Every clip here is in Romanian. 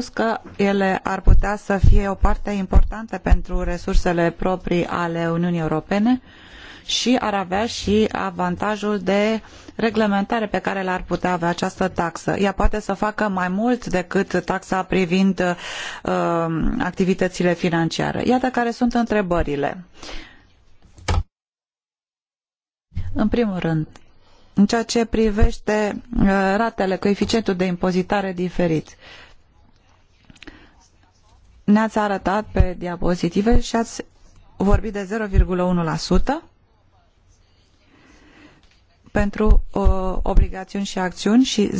spus că ele ar putea să fie o parte importantă pentru resursele proprii ale Uniunii Europene și ar avea și avantajul de reglementare pe care l-ar putea avea această taxă. Ea poate să facă mai mult decât taxa privind uh, activitățile financiare. Iată care sunt întrebările. În primul rând, în ceea ce privește uh, ratele, coeficientul de impozitare diferit. Uh, ne-ați arătat pe diapozitive și ați vorbit de 0,1% pentru uh, obligațiuni și acțiuni și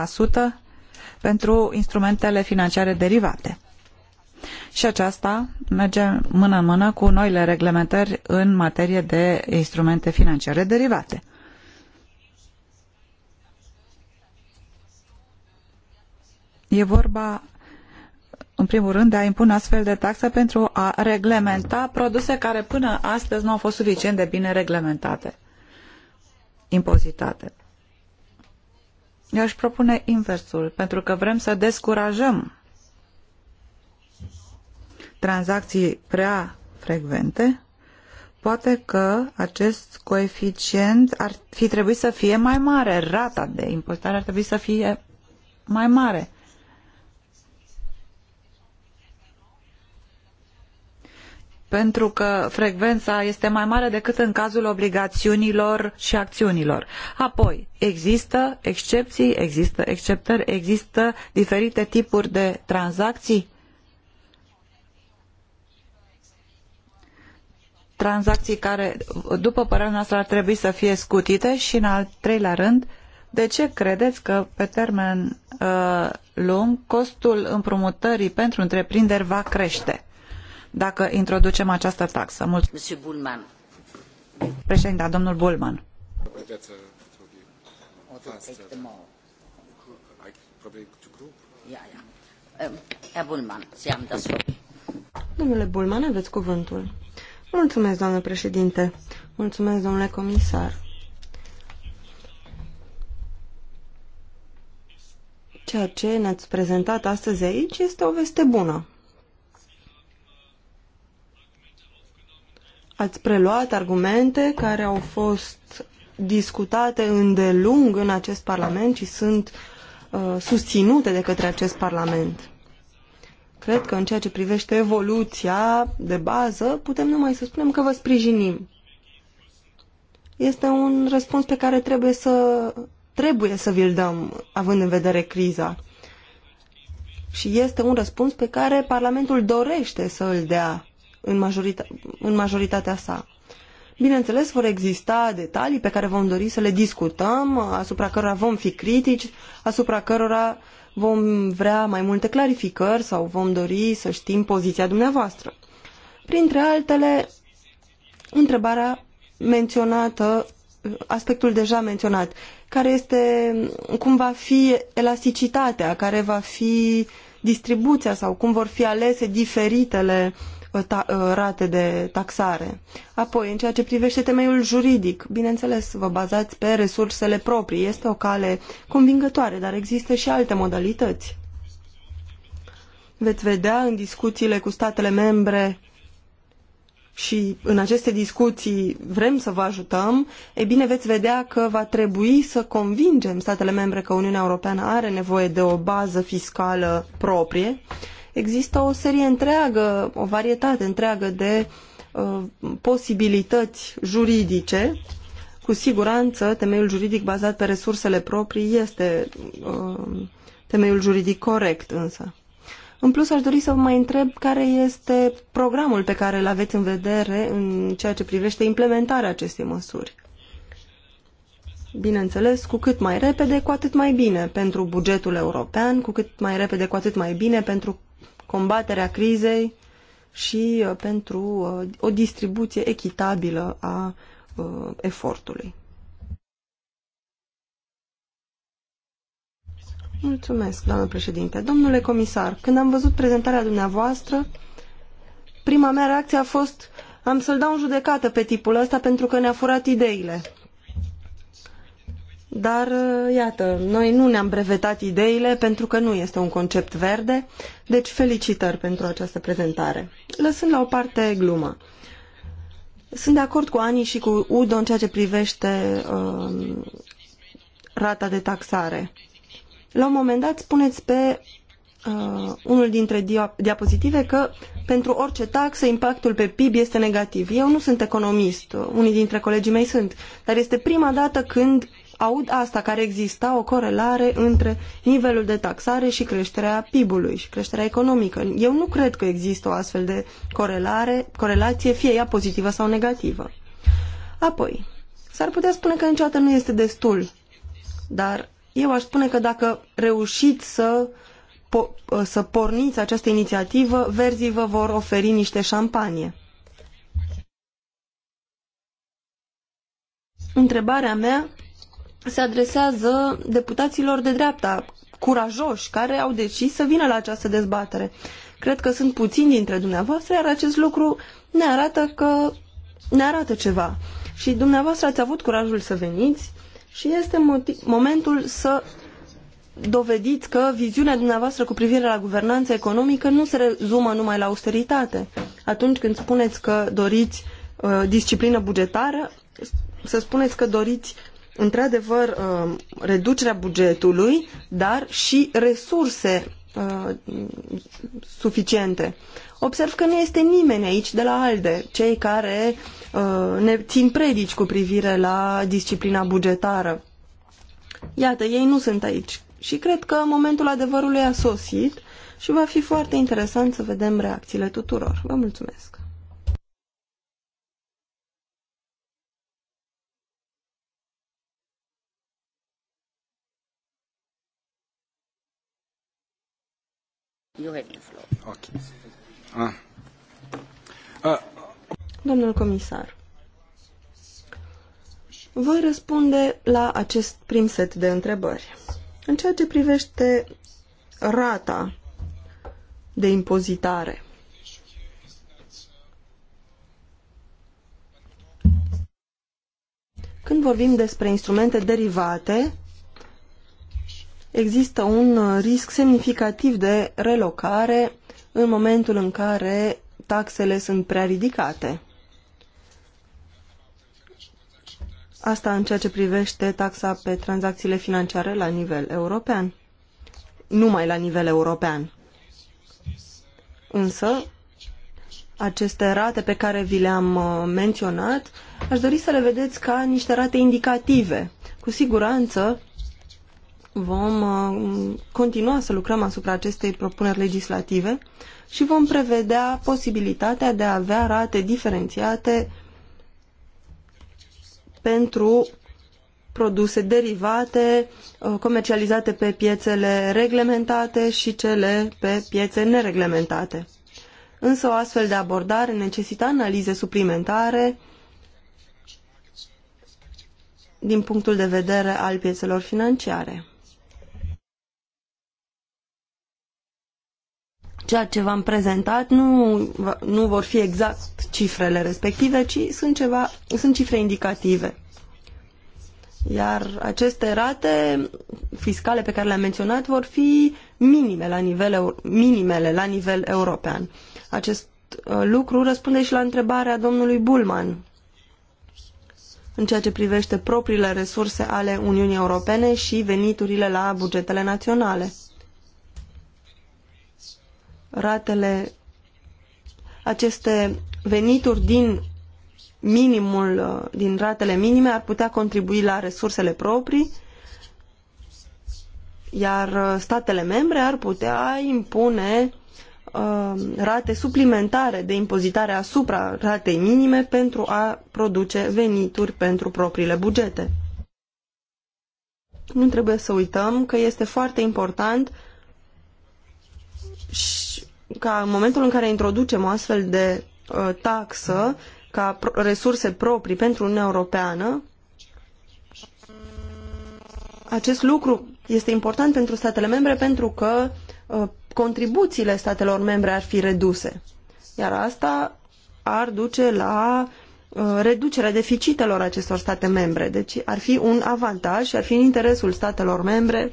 0,01% pentru instrumentele financiare derivate. Și aceasta merge mână în mână cu noile reglementări în materie de instrumente financiare derivate. E vorba în primul rând, de a impune astfel de taxe pentru a reglementa produse care până astăzi nu au fost suficient de bine reglementate, impozitate. Eu aș propune inversul, pentru că vrem să descurajăm tranzacții prea frecvente, poate că acest coeficient ar fi trebuit să fie mai mare, rata de impozitare ar trebui să fie mai mare. pentru că frecvența este mai mare decât în cazul obligațiunilor și acțiunilor. Apoi, există excepții, există exceptări, există diferite tipuri de tranzacții? Tranzacții care, după părerea noastră, ar trebui să fie scutite și, în al treilea rând, de ce credeți că, pe termen uh, lung, costul împrumutării pentru întreprinderi va crește? dacă introducem această taxă. Mulțumesc. Președinte, domnul Bullman. Um, domnule Bullman, aveți cuvântul. Mulțumesc, doamnă președinte. Mulțumesc, domnule comisar. Ceea ce ne-ați prezentat astăzi aici este o veste bună. Ați preluat argumente care au fost discutate îndelung în acest Parlament și sunt uh, susținute de către acest Parlament. Cred că în ceea ce privește evoluția de bază, putem numai să spunem că vă sprijinim. Este un răspuns pe care trebuie să, trebuie să vi-l dăm, având în vedere criza. Și este un răspuns pe care Parlamentul dorește să îl dea în, majorita în majoritatea sa. Bineînțeles, vor exista detalii pe care vom dori să le discutăm, asupra cărora vom fi critici, asupra cărora vom vrea mai multe clarificări sau vom dori să știm poziția dumneavoastră. Printre altele, întrebarea menționată, aspectul deja menționat, care este cum va fi elasticitatea, care va fi distribuția sau cum vor fi alese diferitele Uh, rate de taxare. Apoi, în ceea ce privește temeiul juridic, bineînțeles, vă bazați pe resursele proprii. Este o cale convingătoare, dar există și alte modalități. Veți vedea în discuțiile cu statele membre și în aceste discuții vrem să vă ajutăm, e bine veți vedea că va trebui să convingem statele membre că Uniunea Europeană are nevoie de o bază fiscală proprie Există o serie întreagă, o varietate întreagă de uh, posibilități juridice. Cu siguranță, temeiul juridic bazat pe resursele proprii este uh, temeiul juridic corect, însă. În plus, aș dori să vă mai întreb care este programul pe care îl aveți în vedere în ceea ce privește implementarea acestei măsuri. Bineînțeles, cu cât mai repede, cu atât mai bine pentru bugetul european, cu cât mai repede, cu atât mai bine pentru combaterea crizei și uh, pentru uh, o distribuție echitabilă a uh, efortului. Mulțumesc, doamnă președinte. Domnule comisar, când am văzut prezentarea dumneavoastră, prima mea reacție a fost am să-l dau în judecată pe tipul ăsta pentru că ne-a furat ideile. Dar, uh, iată, noi nu ne-am brevetat ideile pentru că nu este un concept verde, deci felicitări pentru această prezentare. Lăsând la o parte gluma. Sunt de acord cu Ani și cu Udo în ceea ce privește uh, rata de taxare. La un moment dat spuneți pe uh, unul dintre dia diapozitive că pentru orice taxă impactul pe PIB este negativ. Eu nu sunt economist, unii dintre colegii mei sunt, dar este prima dată când aud asta, care exista o corelare între nivelul de taxare și creșterea PIB-ului și creșterea economică. Eu nu cred că există o astfel de corelare, corelație, fie ea pozitivă sau negativă. Apoi, s-ar putea spune că niciodată nu este destul, dar eu aș spune că dacă reușiți să, po- să porniți această inițiativă, verzii vă vor oferi niște șampanie. Întrebarea mea se adresează deputaților de dreapta, curajoși, care au decis să vină la această dezbatere. Cred că sunt puțini dintre dumneavoastră, iar acest lucru ne arată că ne arată ceva. Și dumneavoastră ați avut curajul să veniți și este momentul să dovediți că viziunea dumneavoastră cu privire la guvernanța economică nu se rezumă numai la austeritate. Atunci când spuneți că doriți uh, disciplină bugetară, să spuneți că doriți într-adevăr, uh, reducerea bugetului, dar și resurse uh, suficiente. Observ că nu este nimeni aici de la ALDE, cei care uh, ne țin predici cu privire la disciplina bugetară. Iată, ei nu sunt aici. Și cred că momentul adevărului a sosit și va fi foarte interesant să vedem reacțiile tuturor. Vă mulțumesc! Domnule ah. ah. Domnul comisar, voi răspunde la acest prim set de întrebări. În ceea ce privește rata de impozitare, când vorbim despre instrumente derivate, există un uh, risc semnificativ de relocare în momentul în care taxele sunt prea ridicate. Asta în ceea ce privește taxa pe tranzacțiile financiare la nivel european. Numai la nivel european. Însă, aceste rate pe care vi le-am uh, menționat, aș dori să le vedeți ca niște rate indicative. Cu siguranță, vom uh, continua să lucrăm asupra acestei propuneri legislative și vom prevedea posibilitatea de a avea rate diferențiate pentru produse derivate uh, comercializate pe piețele reglementate și cele pe piețe nereglementate. Însă o astfel de abordare necesită analize suplimentare din punctul de vedere al piețelor financiare. ceea ce v-am prezentat nu, nu vor fi exact cifrele respective, ci sunt, ceva, sunt cifre indicative. Iar aceste rate fiscale pe care le-am menționat vor fi minime la nivel, minimele la nivel european. Acest uh, lucru răspunde și la întrebarea domnului Bulman în ceea ce privește propriile resurse ale Uniunii Europene și veniturile la bugetele naționale ratele, aceste venituri din minimul, din ratele minime ar putea contribui la resursele proprii, iar statele membre ar putea impune uh, rate suplimentare de impozitare asupra ratei minime pentru a produce venituri pentru propriile bugete. Nu trebuie să uităm că este foarte important ca în momentul în care introducem o astfel de uh, taxă ca pro resurse proprii pentru Uniunea Europeană, acest lucru este important pentru statele membre pentru că uh, contribuțiile statelor membre ar fi reduse. Iar asta ar duce la uh, reducerea deficitelor acestor state membre. Deci ar fi un avantaj și ar fi în interesul statelor membre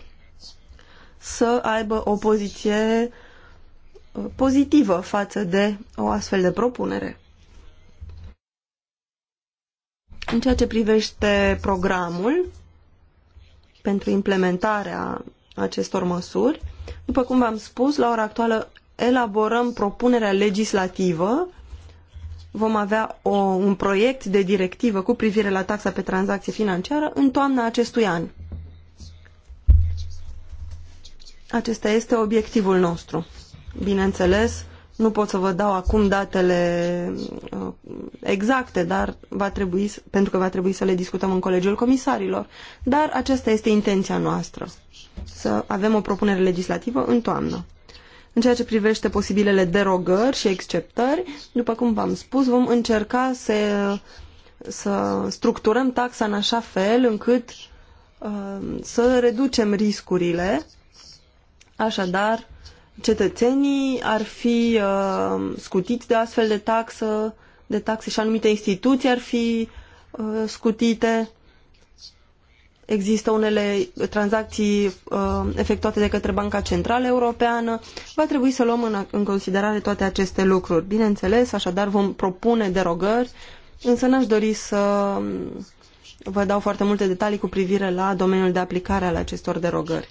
să aibă o poziție uh, Uh, pozitivă față de o astfel de propunere. În ceea ce privește programul pentru implementarea acestor măsuri, după cum v-am spus, la ora actuală elaborăm propunerea legislativă. Vom avea o, un proiect de directivă cu privire la taxa pe tranzacție financiară în toamna acestui an. Acesta este obiectivul nostru. Bineînțeles, nu pot să vă dau acum datele uh, exacte, dar va trebui, pentru că va trebui să le discutăm în Colegiul Comisarilor. Dar aceasta este intenția noastră, să avem o propunere legislativă în toamnă. În ceea ce privește posibilele derogări și exceptări, după cum v-am spus, vom încerca să, să structurăm taxa în așa fel încât uh, să reducem riscurile. Așadar, cetățenii ar fi uh, scutiți de astfel de taxă, de taxe și anumite instituții ar fi uh, scutite. Există unele tranzacții uh, efectuate de către Banca Centrală Europeană. Va trebui să luăm în, în considerare toate aceste lucruri. Bineînțeles, așadar vom propune derogări, însă n-aș dori să um, vă dau foarte multe detalii cu privire la domeniul de aplicare al acestor derogări.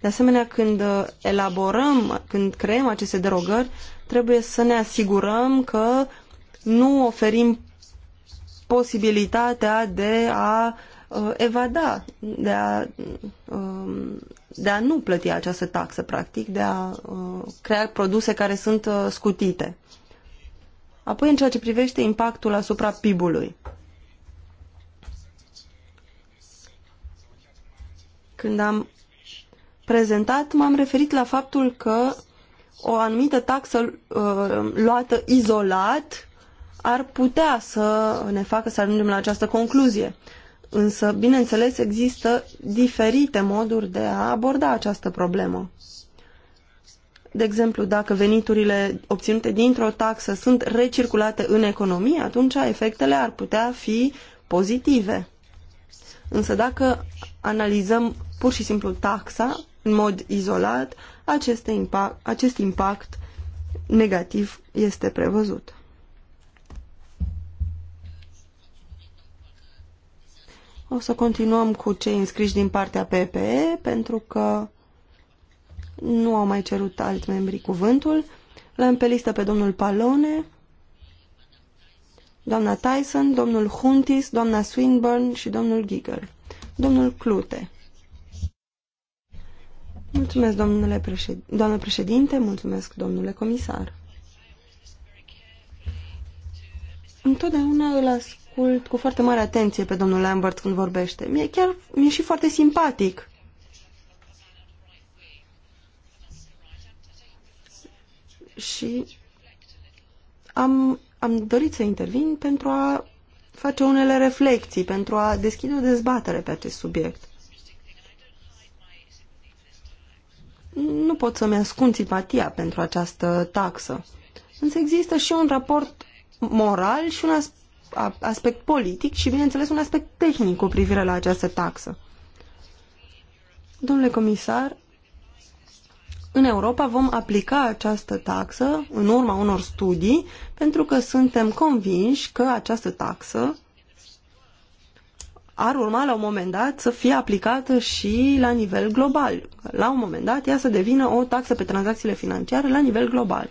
De asemenea, când uh, elaborăm, când creăm aceste derogări, trebuie să ne asigurăm că nu oferim posibilitatea de a uh, evada, de a, um, de a nu plăti această taxă, practic, de a uh, crea produse care sunt scutite. Apoi, în ceea ce privește impactul asupra PIB-ului. Când am prezentat, m-am referit la faptul că o anumită taxă uh, luată izolat ar putea să ne facă să ajungem la această concluzie. Însă, bineînțeles, există diferite moduri de a aborda această problemă. De exemplu, dacă veniturile obținute dintr-o taxă sunt recirculate în economie, atunci efectele ar putea fi pozitive. Însă dacă analizăm pur și simplu taxa, în mod izolat, acest impact, acest impact negativ este prevăzut. O să continuăm cu cei înscriși din partea PPE, pentru că nu au mai cerut alt membrii cuvântul. L-am pe listă pe domnul Palone, doamna Tyson, domnul Huntis, doamna Swinburne și domnul Giger. Domnul Clute. Mulțumesc, domnule președ... doamnă președinte, mulțumesc, domnule comisar. Întotdeauna îl ascult cu foarte mare atenție pe domnul Lambert când vorbește. Mi-e chiar, mi-e și foarte simpatic. Și am, am dorit să intervin pentru a face unele reflexii, pentru a deschide o dezbatere pe acest subiect. nu pot să-mi ascund simpatia pentru această taxă. Însă există și un raport moral și un aspect politic și, bineînțeles, un aspect tehnic cu privire la această taxă. Domnule comisar, în Europa vom aplica această taxă în urma unor studii pentru că suntem convinși că această taxă ar urma la un moment dat să fie aplicată și la nivel global. La un moment dat ea să devină o taxă pe tranzacțiile financiare la nivel global.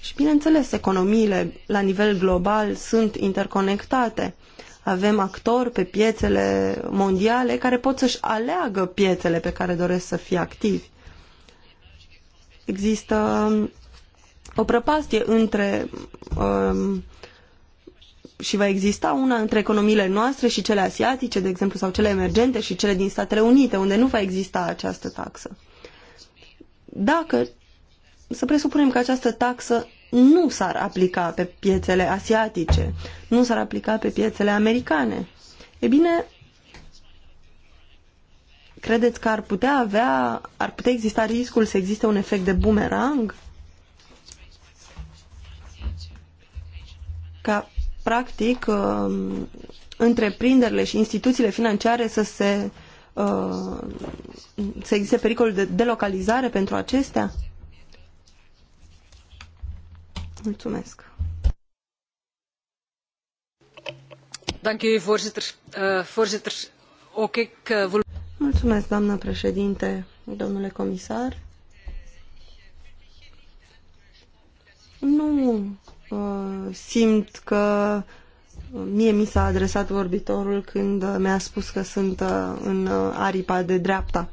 Și bineînțeles, economiile la nivel global sunt interconectate. Avem actori pe piețele mondiale care pot să-și aleagă piețele pe care doresc să fie activi. Există um, o prăpastie între uh, și va exista una între economiile noastre și cele asiatice, de exemplu, sau cele emergente și cele din Statele Unite, unde nu va exista această taxă. Dacă, să presupunem că această taxă nu s-ar aplica pe piețele asiatice, nu s-ar aplica pe piețele americane, e bine, credeți că ar putea avea, ar putea exista riscul să existe un efect de bumerang? Ca practic, uh, întreprinderile și instituțiile financiare să se uh, să existe pericolul de delocalizare pentru acestea? Mulțumesc. Eh, eh, Mulțumesc, doamnă președinte, domnule comisar. Nu Uh, simt că uh, mie mi s-a adresat vorbitorul când uh, mi-a spus că sunt în aripa de dreapta.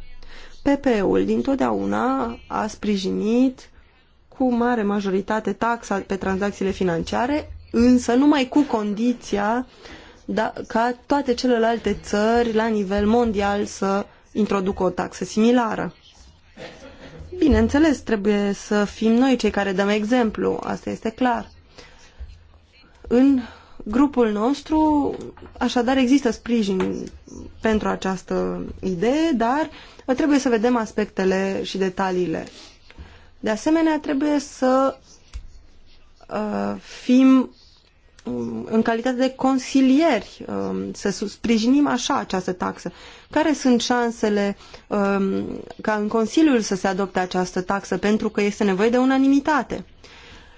PP-ul dintotdeauna a sprijinit cu mare majoritate taxa pe tranzacțiile financiare, însă numai cu condiția da, ca toate celelalte țări la nivel mondial să introducă o taxă similară. Bineînțeles, trebuie să fim noi cei care dăm exemplu, asta este clar. În grupul nostru, așadar, există sprijin pentru această idee, dar trebuie să vedem aspectele și detaliile. De asemenea, trebuie să uh, fim um, în calitate de consilieri um, să sprijinim așa această taxă. Care sunt șansele um, ca în Consiliul să se adopte această taxă pentru că este nevoie de unanimitate?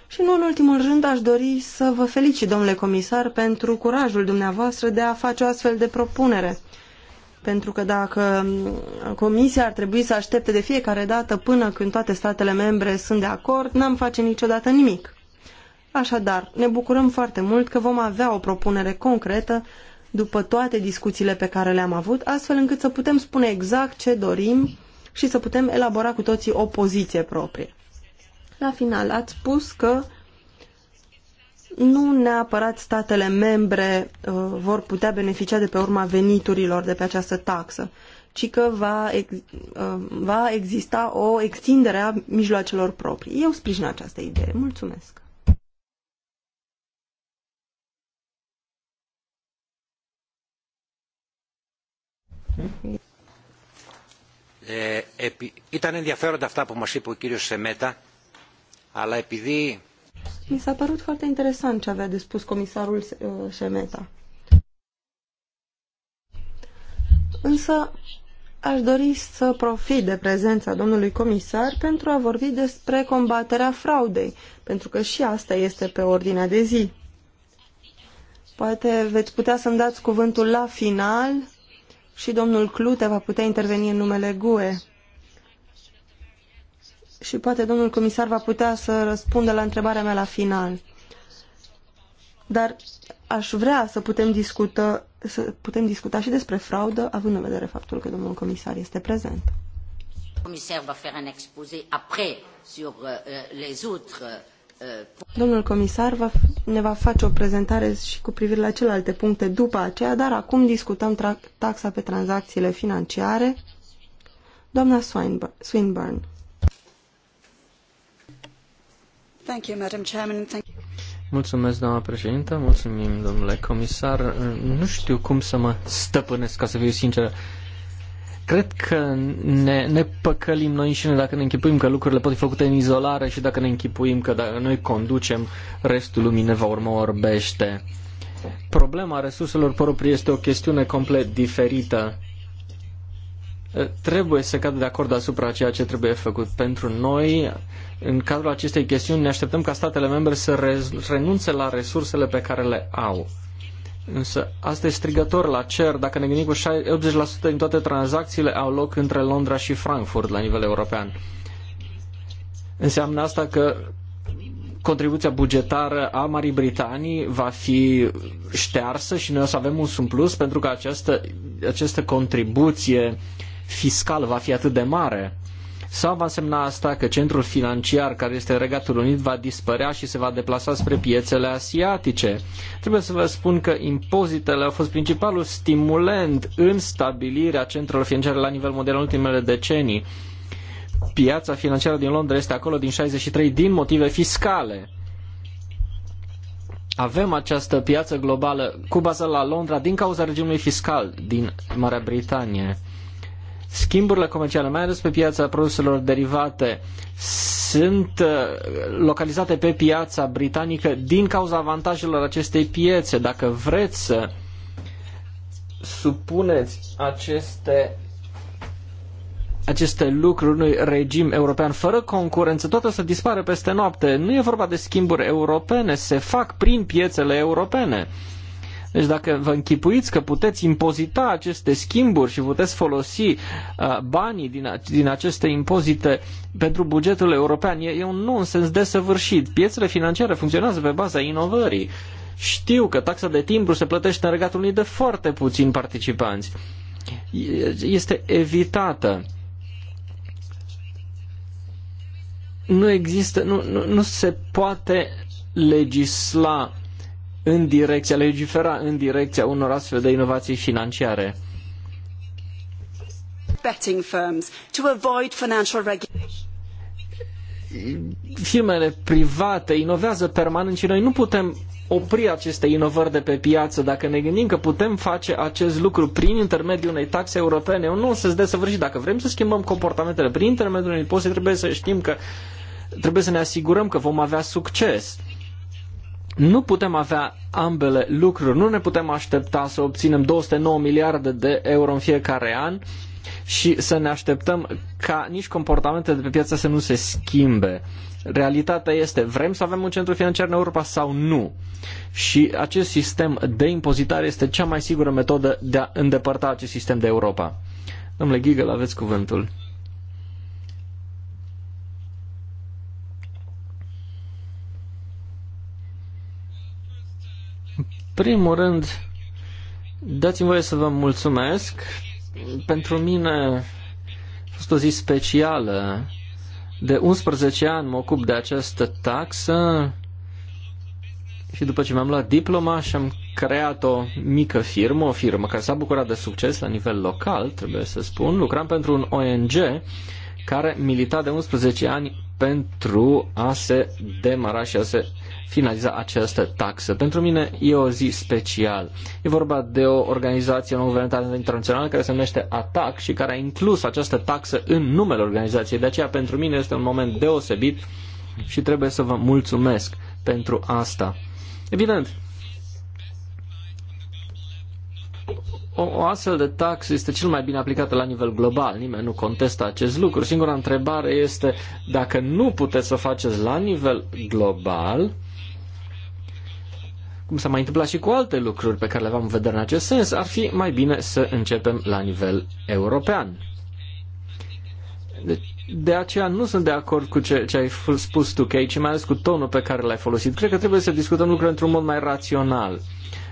Și nu în ultimul rând aș dori să vă felicit, domnule comisar, pentru curajul dumneavoastră de a face o astfel de propunere. Pentru că dacă comisia ar trebui să aștepte de fiecare dată până când toate statele membre sunt de acord, n-am face niciodată nimic. Așadar, ne bucurăm foarte mult că vom avea o propunere concretă după toate discuțiile pe care le-am avut, astfel încât să putem spune exact ce dorim și să putem elabora cu toții o poziție proprie. La final, ați spus că nu neapărat statele membre uh, vor putea beneficia de pe urma veniturilor de pe această taxă, ci că va, ex uh, va exista o extindere a mijloacelor proprii. Eu sprijin această idee. Mulțumesc! ήταν ενδιαφέροντα αυτά που μας είπε ο κύριος Σεμέτα αλλά επειδή... Mi s-a părut foarte interesant ce avea de spus comisarul uh, Șemeta. Însă aș dori să profit de prezența domnului comisar pentru a vorbi despre combaterea fraudei, pentru că și asta este pe ordinea de zi. Poate veți putea să-mi dați cuvântul la final și domnul Clute va putea interveni în numele GUE și poate domnul comisar va putea să răspundă la întrebarea mea la final. Dar aș vrea să putem discuta, să putem discuta și despre fraudă, având în vedere faptul că domnul comisar este prezent. Euh, euh, euh, domnul comisar va, ne va face o prezentare și cu privire la celelalte puncte după aceea, dar acum discutăm taxa pe tranzacțiile financiare. Doamna Swinburne. Thank you, Madam Chairman. Thank you. Mulțumesc, doamna președintă, mulțumim, domnule comisar. Nu știu cum să mă stăpânesc, ca să fiu sincer. Cred că ne, ne păcălim noi înșine dacă ne închipuim că lucrurile pot fi făcute în izolare și dacă ne închipuim că dacă noi conducem, restul lumii ne va urma orbește. Problema resurselor proprii este o chestiune complet diferită trebuie să cadă de acord asupra ceea ce trebuie făcut. Pentru noi, în cadrul acestei chestiuni, ne așteptăm ca statele membre să renunțe la resursele pe care le au. Însă asta e strigător la cer. Dacă ne gândim cu 80% din toate tranzacțiile au loc între Londra și Frankfurt la nivel european. Înseamnă asta că contribuția bugetară a Marii Britanii va fi ștearsă și noi o să avem un surplus pentru că această, această contribuție uh, fiscal va fi atât de mare? Sau va însemna asta că centrul financiar care este Regatul Unit va dispărea și se va deplasa spre piețele asiatice? Trebuie să vă spun că impozitele au fost principalul stimulent în stabilirea centrelor financiare la nivel mondial în ultimele decenii. Piața financiară din Londra este acolo din 63 din motive fiscale. Avem această piață globală cu bază la Londra din cauza regimului fiscal din Marea Britanie schimburile comerciale, mai ales pe piața produselor derivate, sunt uh, localizate pe piața britanică din cauza avantajelor acestei piețe. Dacă vreți să supuneți aceste aceste lucruri unui regim european fără concurență, tot o să dispară peste noapte. Nu e vorba de schimburi europene, se fac prin piețele europene. Deci dacă vă închipuiți că puteți impozita aceste schimburi și puteți folosi uh, banii din, din aceste impozite pentru bugetul european, e, e un nonsens desăvârșit. Piețele financiare funcționează pe baza inovării. Știu că taxa de timbru se plătește în Regatul Unit de foarte puțini participanți. Este evitată. Nu există, nu, nu, nu se poate legisla în direcția, legifera în direcția unor astfel de inovații financiare. Betting firms to avoid financial firmele private inovează permanent și noi nu putem opri aceste inovări de pe piață dacă ne gândim că putem face acest lucru prin intermediul unei taxe europene. Eu nu o să-ți Dacă vrem să schimbăm comportamentele prin intermediul unei impozite, trebuie să știm că trebuie să ne asigurăm că vom avea succes. Nu putem avea ambele lucruri. Nu ne putem aștepta să obținem 209 miliarde de euro în fiecare an și să ne așteptăm ca nici comportamentele de pe piață să nu se schimbe. Realitatea este, vrem să avem un centru financiar în Europa sau nu? Și acest sistem de impozitare este cea mai sigură metodă de a îndepărta acest sistem de Europa. Domnule Gigel, aveți cuvântul. primul rând, dați-mi voie să vă mulțumesc. Pentru mine a fost o zi specială. De 11 ani mă ocup de această taxă și după ce mi-am luat diploma și am creat o mică firmă, o firmă care s-a bucurat de succes la nivel local, trebuie să spun, lucram pentru un ONG care milita de 11 ani pentru a se demara și a se finaliza această taxă. Pentru mine e o zi special. E vorba de o organizație non-guvernamentală internațională care se numește ATAC și care a inclus această taxă în numele organizației. De aceea pentru mine este un moment deosebit și trebuie să vă mulțumesc pentru asta. Evident, o, o astfel de taxă este cel mai bine aplicată la nivel global. Nimeni nu contestă acest lucru. Singura întrebare este dacă nu puteți să faceți la nivel global, cum s-a mai întâmplat și cu alte lucruri pe care le avem în vedere în acest sens, ar fi mai bine să începem la nivel european. De, deci, de aceea nu sunt de acord cu ce, ce ai spus tu, Kay, și mai ales cu tonul pe care l-ai folosit. Cred că trebuie să discutăm lucrurile într-un mod mai rațional.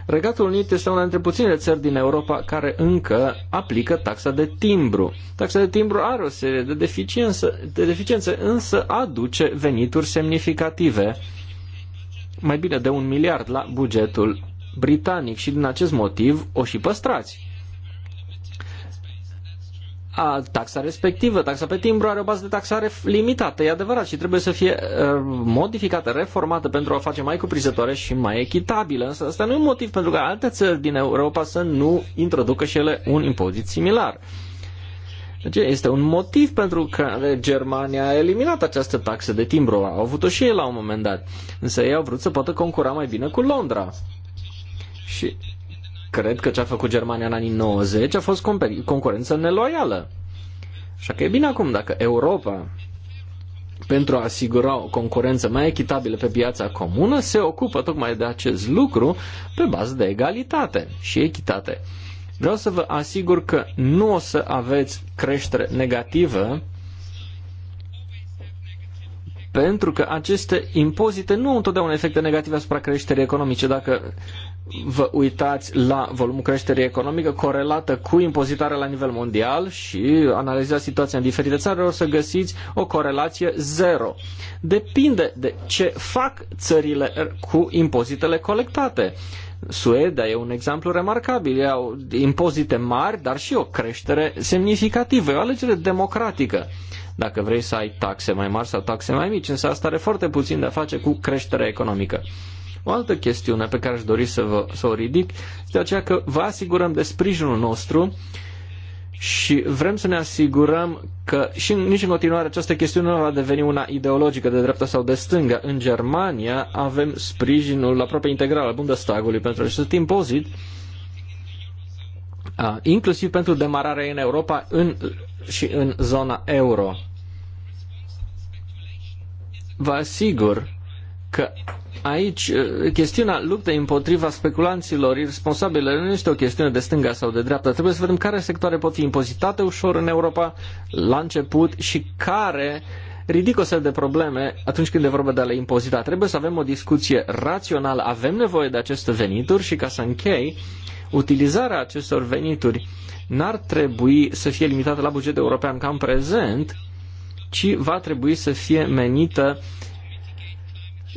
Regatul Unit este una dintre puținele țări din Europa care încă aplică taxa de timbru. Taxa de timbru are o serie de deficiențe, de deficiențe însă aduce venituri semnificative mai bine de un miliard la bugetul britanic și din acest motiv o și păstrați. A, taxa respectivă, taxa pe timbru, are o bază de taxare limitată, e adevărat, și trebuie să fie uh, modificată, reformată pentru a o face mai cuprinzătoare și mai echitabilă. Însă asta nu e un motiv pentru ca alte țări din Europa să nu introducă și ele un impozit similar. Uh, deci este un motiv pentru care Germania a eliminat această taxă de timbru. a avut-o și ei la un moment dat. Însă ei au vrut să poată concura mai bine cu Londra. Și cred că ce a făcut Germania în anii 90 a fost concurență neloială. Așa că e bine acum dacă Europa, pentru a asigura o concurență mai echitabilă pe piața comună, se ocupă tocmai de acest lucru pe bază de egalitate și echitate. Vreau să vă asigur că nu o să aveți creștere negativă pentru că aceste impozite nu au întotdeauna efecte negative asupra creșterii economice. Dacă vă uitați la volumul creșterii economică corelată cu impozitarea la nivel mondial și analizați situația în diferite țări, o să găsiți o corelație zero. Depinde de ce fac țările cu impozitele colectate. Suedia e un exemplu remarcabil. Ei au impozite mari, dar și o creștere semnificativă. E o alegere democratică. Dacă vrei să ai taxe mai mari sau taxe mai mici, însă asta are foarte puțin de a face cu creșterea economică. O altă chestiune pe care aș dori să, vă, să o ridic este aceea că vă asigurăm de sprijinul nostru și vrem să ne asigurăm că și nici în continuare această chestiune nu va deveni una ideologică de dreapta sau de stânga. În Germania avem sprijinul aproape integral al Bundestagului pentru acest impozit, inclusiv pentru demararea în Europa în, și în zona euro. Vă asigur că Aici, eh, chestiunea luptei împotriva speculanților irresponsabile nu este o chestiune de stânga sau de dreapta. Trebuie să vedem care sectoare pot fi impozitate ușor în Europa la început și care ridică o serie de probleme atunci când e vorba de a le impozita. Trebuie să avem o discuție rațională. Avem nevoie de aceste venituri și ca să închei, utilizarea acestor venituri n-ar trebui să fie limitată la bugetul european ca în prezent, ci va trebui să fie menită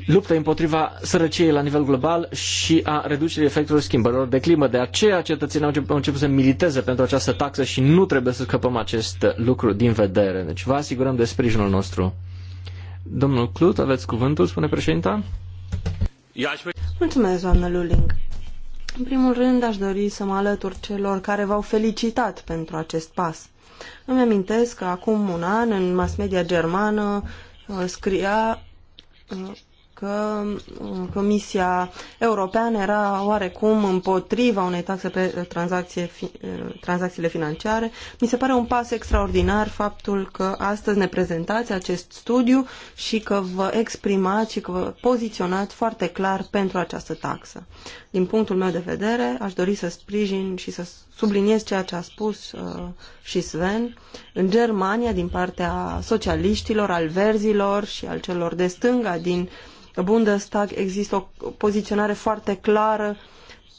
Lupta împotriva sărăciei la nivel global și a reducerii efectelor schimbărilor de climă. De aceea cetățenii au început să militeze pentru această taxă și nu trebuie să scăpăm acest lucru din vedere. Deci vă asigurăm de sprijinul nostru. Domnul Clut, aveți cuvântul, spune președinta. Mulțumesc, doamnă Luling. În primul rând, aș dori să mă alătur celor care v-au felicitat pentru acest pas. Îmi amintesc că acum un an, în mass media germană, uh, scria uh, că uh, Comisia Europeană era oarecum împotriva unei taxe pe fi, uh, tranzacțiile financiare. Mi se pare un pas extraordinar faptul că astăzi ne prezentați acest studiu și că vă exprimați și că vă poziționați foarte clar pentru această taxă. Din punctul meu de vedere, aș dori să sprijin și să subliniez ceea ce a spus uh, și Sven. În Germania, din partea socialiștilor, al verzilor și al celor de stânga din Bundestag, există o poziționare foarte clară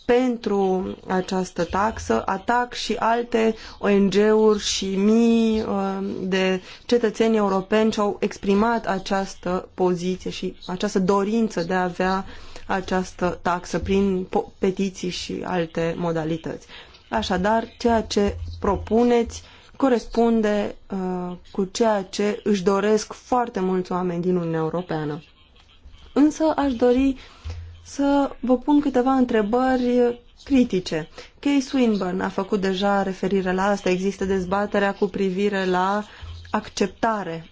pentru această taxă. ATAC și alte ONG-uri și mii uh, de cetățeni europeni și-au exprimat această poziție și această dorință de a avea această taxă prin petiții și alte modalități. Așadar, ceea ce propuneți corespunde uh, cu ceea ce își doresc foarte mulți oameni din Uniunea Europeană. Însă aș dori să vă pun câteva întrebări critice. Kay Swinburne a făcut deja referire la asta. Există dezbaterea cu privire la acceptare.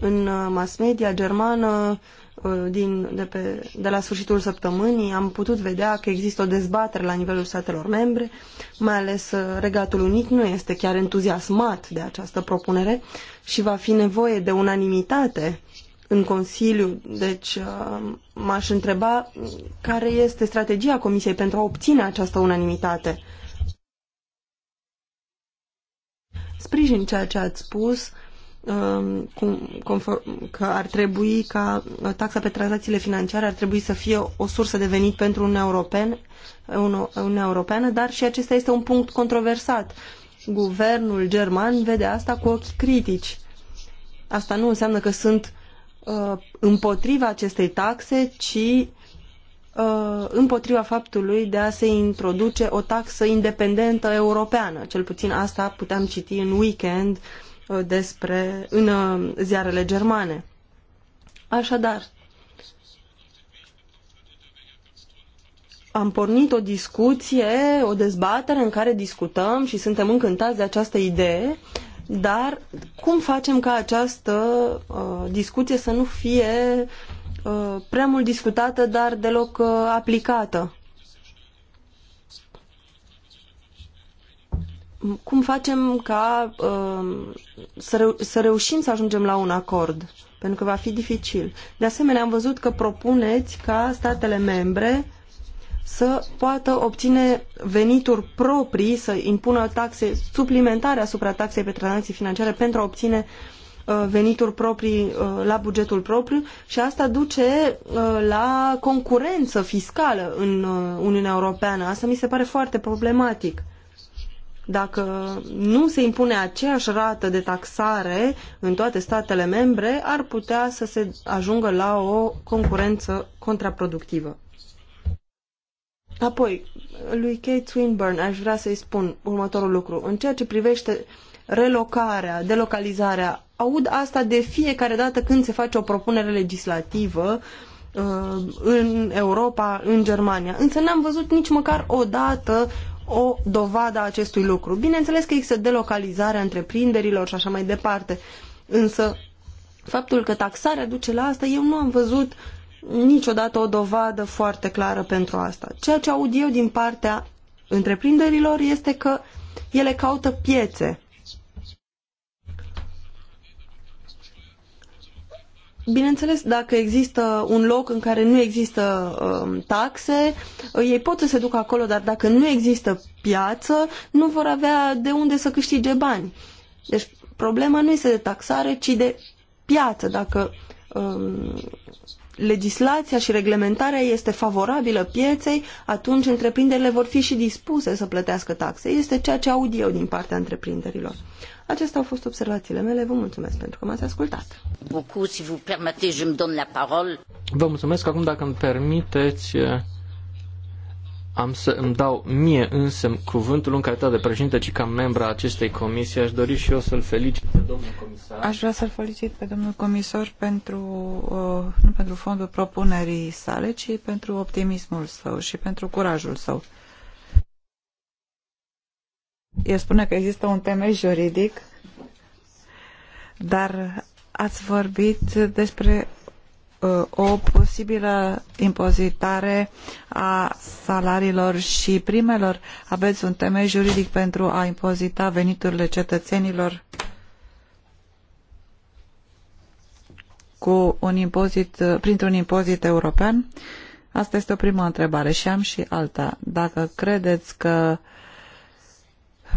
În uh, mass media germană Uh, din, de, pe, de la sfârșitul săptămânii am putut vedea că există o dezbatere la nivelul statelor membre, mai ales uh, Regatul Unit nu este chiar entuziasmat de această propunere și va fi nevoie de unanimitate în Consiliu. Deci uh, m-aș întreba care este strategia Comisiei pentru a obține această unanimitate. Sprijin ceea ce ați spus Um, că ar trebui ca taxa pe tranzacțiile financiare ar trebui să fie o sursă de venit pentru Uniunea Europeană, un european, dar și acesta este un punct controversat. Guvernul german vede asta cu ochi critici. Asta nu înseamnă că sunt uh, împotriva acestei taxe, ci uh, împotriva faptului de a se introduce o taxă independentă europeană. Cel puțin asta puteam citi în weekend uh, Uh, despre, în uh, ziarele germane. Așadar, am pornit o discuție, o dezbatere în care discutăm și suntem încântați de această idee, dar cum facem ca această uh, discuție să nu fie uh, prea mult discutată, dar deloc uh, aplicată? cum facem ca uh, să, reu- să reușim să ajungem la un acord, pentru că va fi dificil. De asemenea, am văzut că propuneți ca statele membre să poată obține venituri proprii, să impună taxe suplimentare asupra taxei pe tranzacții financiare pentru a obține uh, venituri proprii uh, la bugetul propriu și asta duce uh, la concurență fiscală în Uniunea Europeană. Asta mi se pare foarte problematic. Dacă nu se impune aceeași rată de taxare în toate statele membre, ar putea să se ajungă la o concurență contraproductivă. Apoi, lui Kate Swinburne aș vrea să-i spun următorul lucru. În ceea ce privește relocarea, delocalizarea, aud asta de fiecare dată când se face o propunere legislativă uh, în Europa, în Germania. Însă n-am văzut nici măcar o dată o dovadă a acestui lucru. Bineînțeles că există delocalizarea întreprinderilor și așa mai departe, însă faptul că taxarea duce la asta, eu nu am văzut niciodată o dovadă foarte clară pentru asta. Ceea ce aud eu din partea întreprinderilor este că ele caută piețe. Bineînțeles, dacă există un loc în care nu există um, taxe, uh, ei pot să se ducă acolo, dar dacă nu există piață, nu vor avea de unde să câștige bani. Deci problema nu este de taxare, ci de piață. Dacă um, legislația și reglementarea este favorabilă pieței, atunci întreprinderile vor fi și dispuse să plătească taxe. Este ceea ce aud eu din partea întreprinderilor. Acestea au fost observațiile mele. Vă mulțumesc pentru că m-ați ascultat. Vă mulțumesc. Acum, dacă îmi permiteți, am să îmi dau mie însă cuvântul în calitate de președinte, ci ca membra acestei comisii. Aș dori și eu să-l felicit pe domnul comisar. Aș vrea să-l felicit pe domnul comisar pentru, uh, nu pentru fondul propunerii sale, ci pentru optimismul său și pentru curajul său. El spune că există un temei juridic, dar ați vorbit despre uh, o posibilă impozitare a salariilor și primelor? Aveți un temei juridic pentru a impozita veniturile cetățenilor cu un impozit, uh, printr-un impozit european? Asta este o primă întrebare și am și alta. Dacă credeți că uh,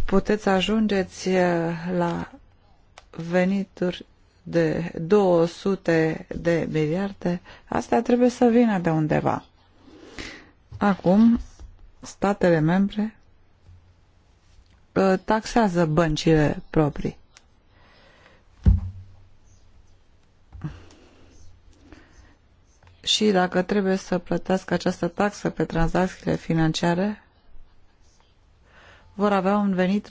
puteți ajungeți eh, la venituri de 200 de miliarde, asta trebuie să vină de undeva. Acum, statele membre eh, taxează băncile proprii. Și dacă trebuie să plătească această taxă pe tranzacțiile financiare, vor avea un venit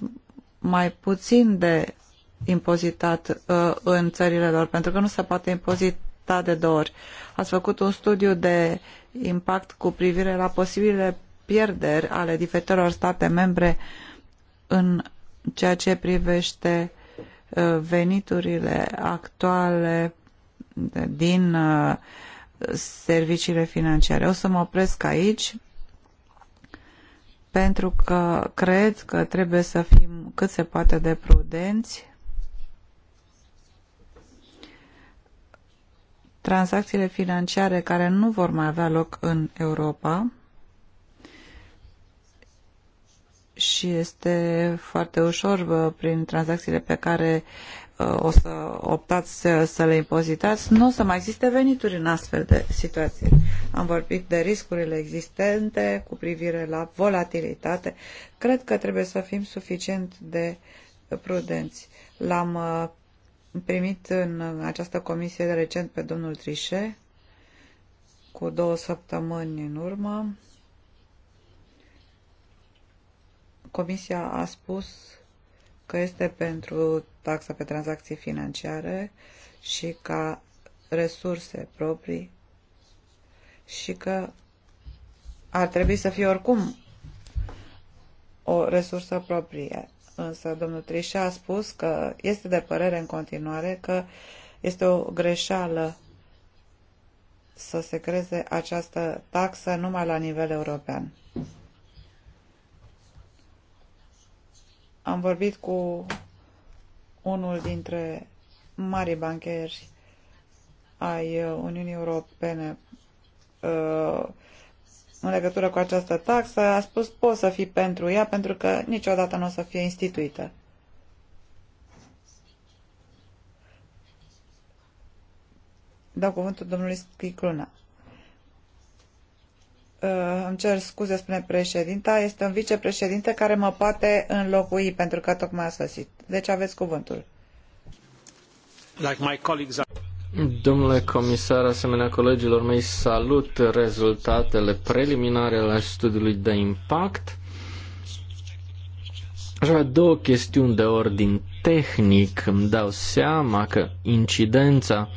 mai puțin de impozitat uh, în țările lor, pentru că nu se poate impozita de două ori. Ați făcut un studiu de impact cu privire la posibile pierderi ale diferitelor state membre în ceea ce privește uh, veniturile actuale din uh, serviciile financiare. O să mă opresc aici pentru că cred că trebuie să fim cât se poate de prudenți. Tranzacțiile financiare care nu vor mai avea loc în Europa și este foarte ușor prin tranzacțiile pe care Uh, o să optați să, să le impozitați, nu o să mai existe venituri în astfel de situații. Am vorbit de riscurile existente cu privire la volatilitate. Cred că trebuie să fim suficient de prudenți. L-am uh, primit în această comisie de recent pe domnul Trișe cu două săptămâni în urmă. Comisia a spus că este pentru taxa pe tranzacții financiare și ca resurse proprii și că ar trebui să fie oricum o resursă proprie. Însă domnul Trișa a spus că este de părere în continuare că este o greșeală să se creeze această taxă numai la nivel european. Am vorbit cu unul dintre mari bancheri ai uh, Uniunii Europene uh, în legătură cu această taxă, a spus poți să fii pentru ea pentru că niciodată nu o să fie instituită. Dau cuvântul domnului Scicluna. Uh, îmi cer scuze, spune președinta, este un vicepreședinte care mă poate înlocui pentru că tocmai a sosit. Deci aveți cuvântul. Like my colleagues are... Domnule comisar, asemenea colegilor mei, salut rezultatele preliminare ale studiului de impact. Aș avea două chestiuni de ordin tehnic. Îmi dau seama că incidența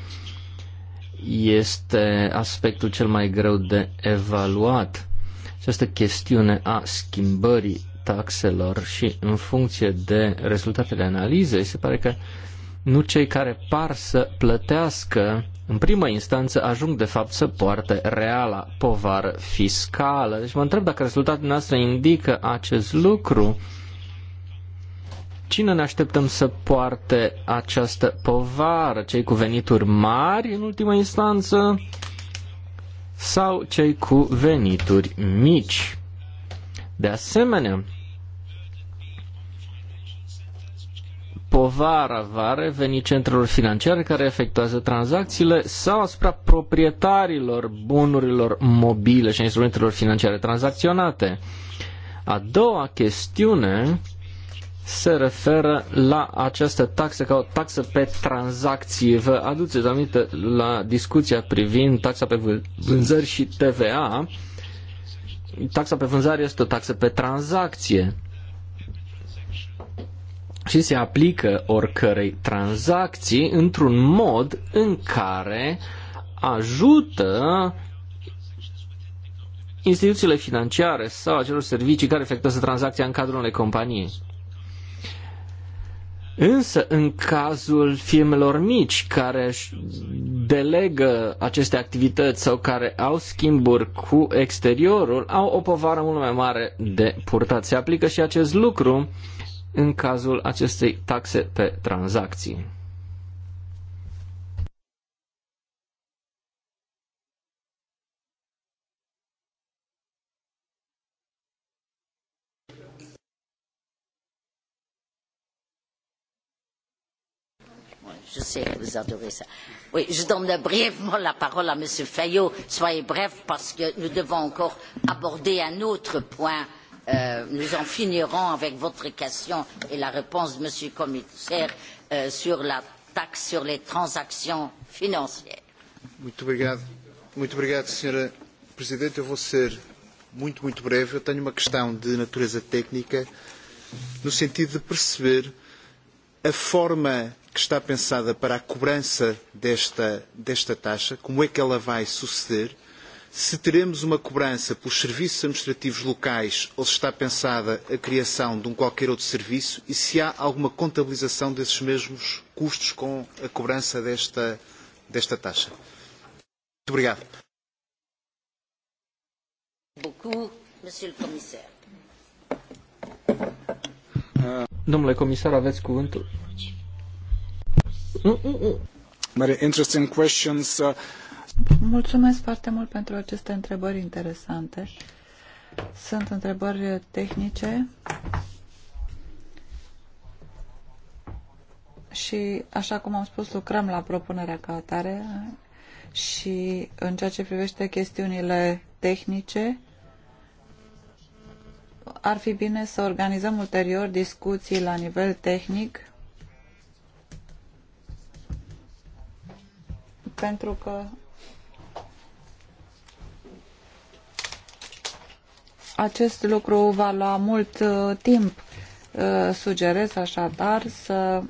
este aspectul cel mai greu de evaluat. Această chestiune a schimbării taxelor și în funcție de rezultatele analizei, se pare că nu cei care par să plătească în primă instanță ajung de fapt să poarte reala povară fiscală. Deci mă întreb dacă rezultatele noastre indică acest lucru Cine ne așteptăm să poarte această povară? Cei cu venituri mari, în ultima instanță, sau cei cu venituri mici? De asemenea, povara va reveni centrelor financiare care efectuează tranzacțiile sau asupra proprietarilor bunurilor mobile și instrumentelor financiare tranzacționate. A doua chestiune se referă la această taxă ca o taxă pe tranzacții. Vă aduceți aminte la discuția privind taxa pe vânzări și TVA. Taxa pe vânzare este o taxă pe tranzacție și se aplică oricărei tranzacții într-un mod în care ajută instituțiile financiare sau acelor servicii care efectuează tranzacția în cadrul unei companii. Însă, în cazul firmelor mici care delegă aceste activități sau care au schimburi cu exteriorul, au o povară mult mai mare de purtat. Se aplică și acest lucru în cazul acestei taxe pe tranzacții. Je sais que vous adorez ça. Oui, je donne brièvement la parole à M. Fayot. Soyez bref parce que nous devons encore aborder un autre point. Euh, nous en finirons avec votre question et la réponse de M. le commissaire euh, sur la taxe sur les transactions financières. Muito obrigado. Muito obrigado, Sra. Presidente. Eu vou ser muito, muito breve. Eu tenho uma questão de natureza técnica no sentido de perceber a forma que está pensada para a cobrança desta, desta taxa, como é que ela vai suceder, se teremos uma cobrança pelos serviços administrativos locais ou se está pensada a criação de um qualquer outro serviço e se há alguma contabilização desses mesmos custos com a cobrança desta, desta taxa. Muito obrigado. Domnule comisar, aveți cuvântul. Very interesting questions. Uh, Mulțumesc foarte mult pentru aceste întrebări interesante. Sunt întrebări tehnice și, așa cum am spus, lucrăm la propunerea ca atare și în ceea ce privește chestiunile tehnice, ar fi bine să organizăm ulterior discuții la nivel tehnic pentru că acest lucru va lua mult uh, timp. Uh, sugerez așadar să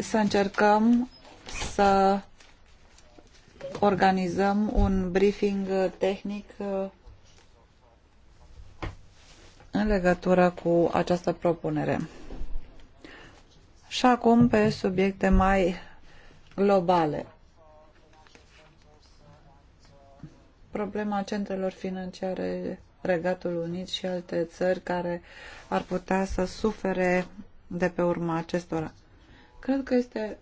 să încercăm să organizăm un briefing uh, tehnic uh, în legătură cu această propunere și acum pe subiecte mai globale. Problema centrelor financiare Regatul Unit și alte țări care ar putea să sufere de pe urma acestora. Cred că este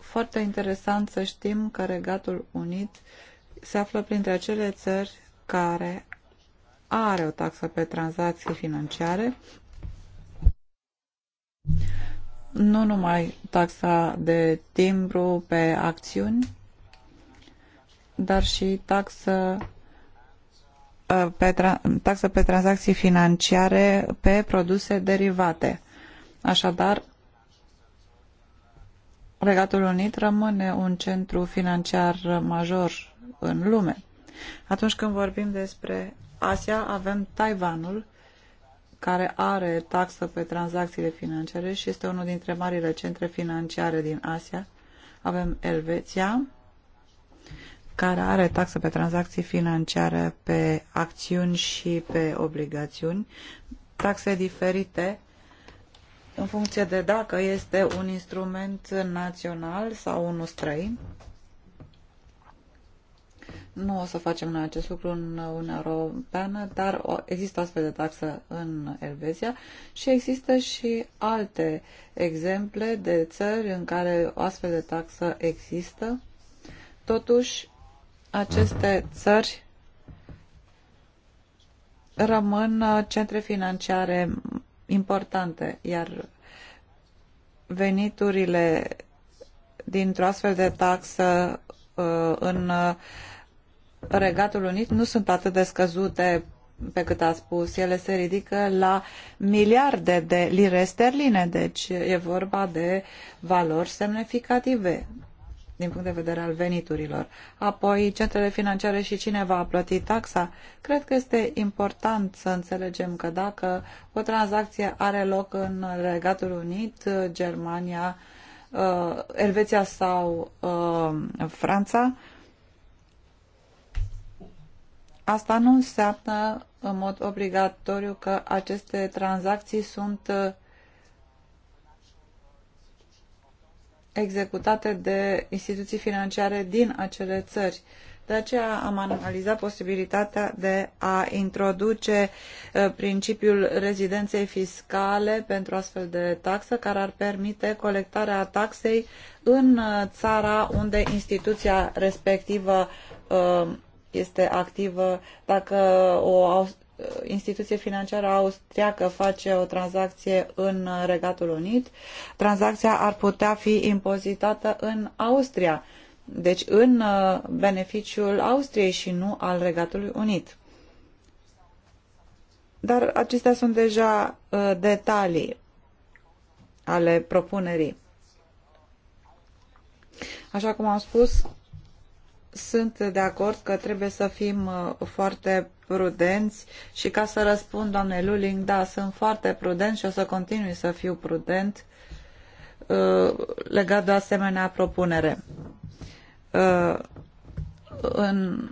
foarte interesant să știm că Regatul Unit se află printre acele țări care are o taxă pe tranzacții financiare, nu numai taxa de timbru pe acțiuni, dar și taxă uh, pe, taxă pe tranzacții financiare pe produse derivate. Așadar, Regatul Unit rămâne un centru financiar major în lume. Atunci când vorbim despre Asia, avem Taiwanul, care are taxă pe tranzacțiile financiare și este unul dintre marile centre financiare din Asia. Avem Elveția, care are taxă pe tranzacții financiare pe acțiuni și pe obligațiuni, taxe diferite în funcție de dacă este un instrument național sau unul străin. Nu o să facem noi acest lucru în Uniunea Europeană, dar există astfel de taxă în Elveția și există și alte exemple de țări în care o astfel de taxă există. Totuși, aceste țări rămân centre financiare importante, iar veniturile dintr-o astfel de taxă uh, în Regatul Unit nu sunt atât de scăzute pe cât a spus, ele se ridică la miliarde de lire sterline, deci e vorba de valori semnificative din punct de vedere al veniturilor. Apoi, centrele financiare și cine va plăti taxa? Cred că este important să înțelegem că dacă o tranzacție are loc în Regatul Unit, Germania, uh, Elveția sau uh, Franța, Asta nu înseamnă în mod obligatoriu că aceste tranzacții sunt uh, executate de instituții financiare din acele țări. De aceea am analizat posibilitatea de a introduce uh, principiul rezidenței fiscale pentru astfel de taxă, care ar permite colectarea taxei în uh, țara unde instituția respectivă este activă dacă o instituție financiară austriacă face o tranzacție în Regatul Unit, tranzacția ar putea fi impozitată în Austria, deci în uh, beneficiul Austriei și nu al Regatului Unit. Dar acestea sunt deja uh, detalii ale propunerii. Așa cum am spus, sunt de acord că trebuie să fim uh, foarte prudenți și ca să răspund, doamne Luling, da, sunt foarte prudent și o să continui să fiu prudent uh, legat de o asemenea propunere. Uh, în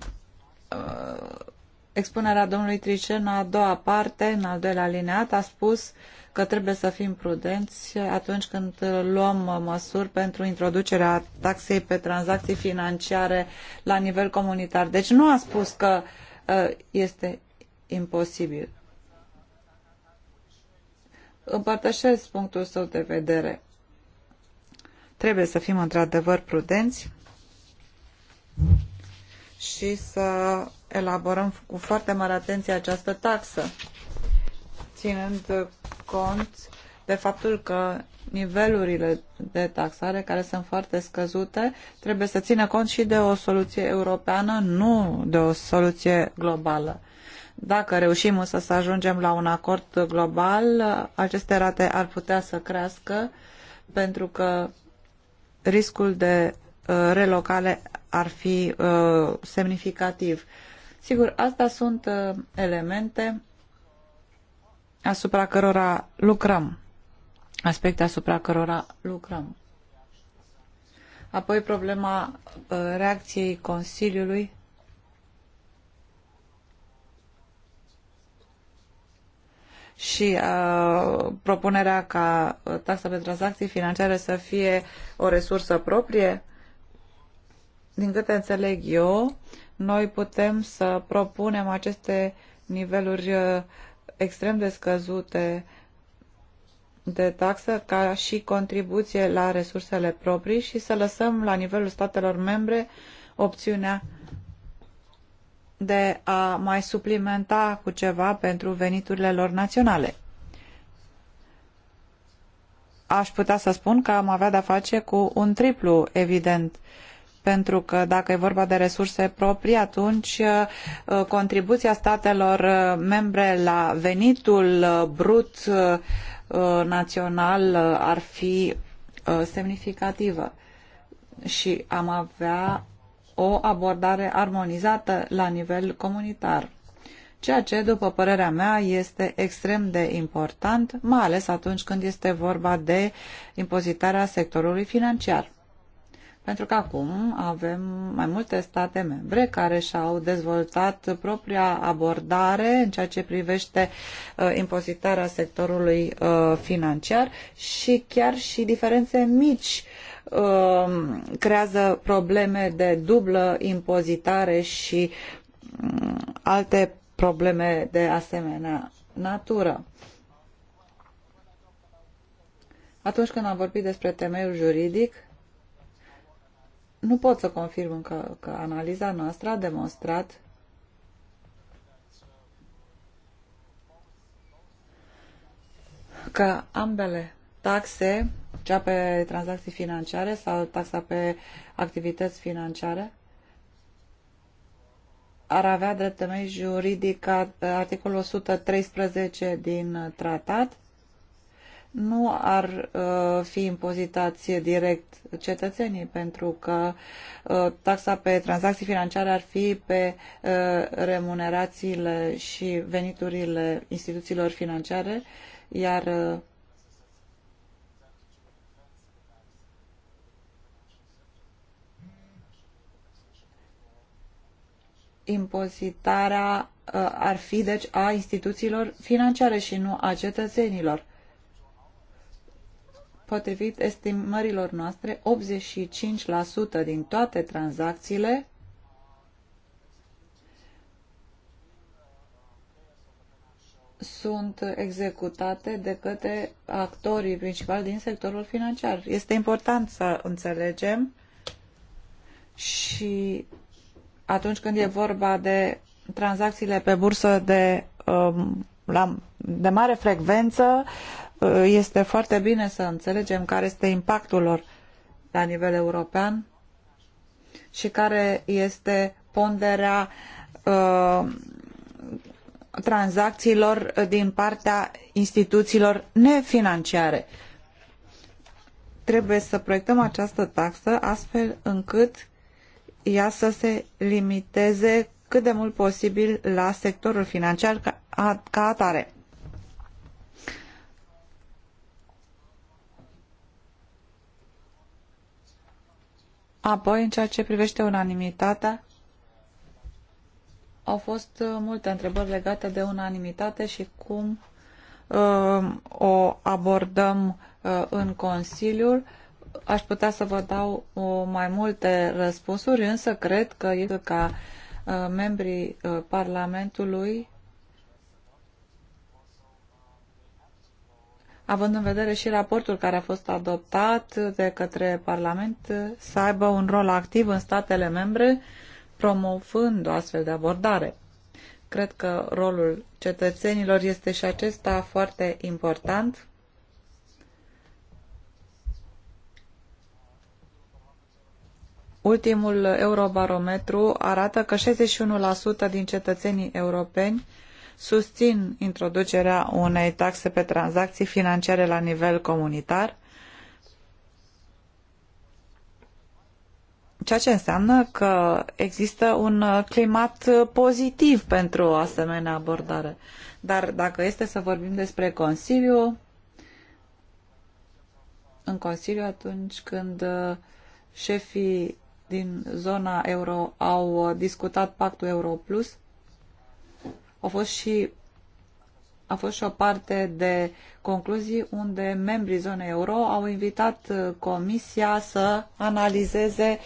expunerea domnului Tricen, a doua parte, în al doilea alineat, a spus că trebuie să fim prudenți atunci când luăm măsuri pentru introducerea taxei pe tranzacții financiare la nivel comunitar. Deci nu a spus că uh, este imposibil. Împărtășesc punctul său de vedere. Trebuie să fim într-adevăr prudenți și să elaborăm cu foarte mare atenție această taxă ținând cont de faptul că nivelurile de taxare, care sunt foarte scăzute, trebuie să țină cont și de o soluție europeană, nu de o soluție globală. Dacă reușim însă să ajungem la un acord global, aceste rate ar putea să crească pentru că riscul de uh, relocale ar fi uh, semnificativ. Sigur, astea sunt uh, elemente asupra cărora lucrăm. Aspecte asupra cărora lucrăm. Apoi problema uh, reacției Consiliului și uh, propunerea ca uh, taxa pe tranzacții financiare să fie o resursă proprie? Din câte înțeleg eu, noi putem să propunem aceste niveluri uh, extrem de scăzute de taxă ca și contribuție la resursele proprii și să lăsăm la nivelul statelor membre opțiunea de a mai suplimenta cu ceva pentru veniturile lor naționale. Aș putea să spun că am avea de-a face cu un triplu, evident, uh, pentru că dacă e vorba de resurse proprii, atunci uh, contribuția statelor uh, membre la venitul uh, brut național ar fi semnificativă și am avea o abordare armonizată la nivel comunitar ceea ce, după părerea mea, este extrem de important, mai ales atunci când este vorba de impozitarea sectorului financiar. Pentru că acum avem mai multe state membre care și-au dezvoltat propria abordare în ceea ce privește uh, impozitarea sectorului uh, financiar și chiar și diferențe mici uh, creează probleme de dublă impozitare și mm, alte probleme de asemenea natură. Atunci când am vorbit despre temeiul juridic, nu pot să confirm încă că analiza noastră a demonstrat că ambele taxe, cea pe tranzacții financiare sau taxa pe activități financiare, ar avea drept temei juridic eh, articolul 113 din tratat nu ar uh, fi impozitați direct cetățenii, pentru că uh, taxa pe tranzacții financiare ar fi pe uh, remunerațiile și veniturile instituțiilor financiare, iar uh, impozitarea uh, ar fi deci a instituțiilor financiare și nu a cetățenilor. Potrivit estimărilor noastre, 85% din toate tranzacțiile sunt executate de către actorii principali din sectorul financiar. Este important să înțelegem și atunci când e vorba de tranzacțiile pe bursă de, um, de mare frecvență, Uh, este foarte bine să înțelegem care este impactul lor la nivel european și care este ponderea uh, tranzacțiilor din partea instituțiilor nefinanciare. Trebuie să proiectăm această taxă astfel încât ea să se limiteze cât de mult posibil la sectorul financiar ca, ca atare. Apoi, în ceea ce privește unanimitatea, au fost uh, multe întrebări legate de unanimitate și cum uh, o abordăm uh, în Consiliul. Aș putea să vă dau uh, mai multe răspunsuri, însă cred că ca uh, membrii uh, Parlamentului având în vedere și raportul care a fost adoptat de către Parlament, să aibă un rol activ în statele membre, promovând o astfel de abordare. Cred că rolul cetățenilor este și acesta foarte important. Ultimul eurobarometru arată că 61% din cetățenii europeni susțin introducerea unei taxe pe tranzacții financiare la nivel comunitar, ceea ce înseamnă că există un climat pozitiv pentru o asemenea abordare. Dar dacă este să vorbim despre Consiliu, în Consiliu atunci când uh, șefii din zona euro au discutat pactul Euro Plus, au fost și a fost și o parte de concluzii unde membrii zonei euro au invitat uh, Comisia să analizeze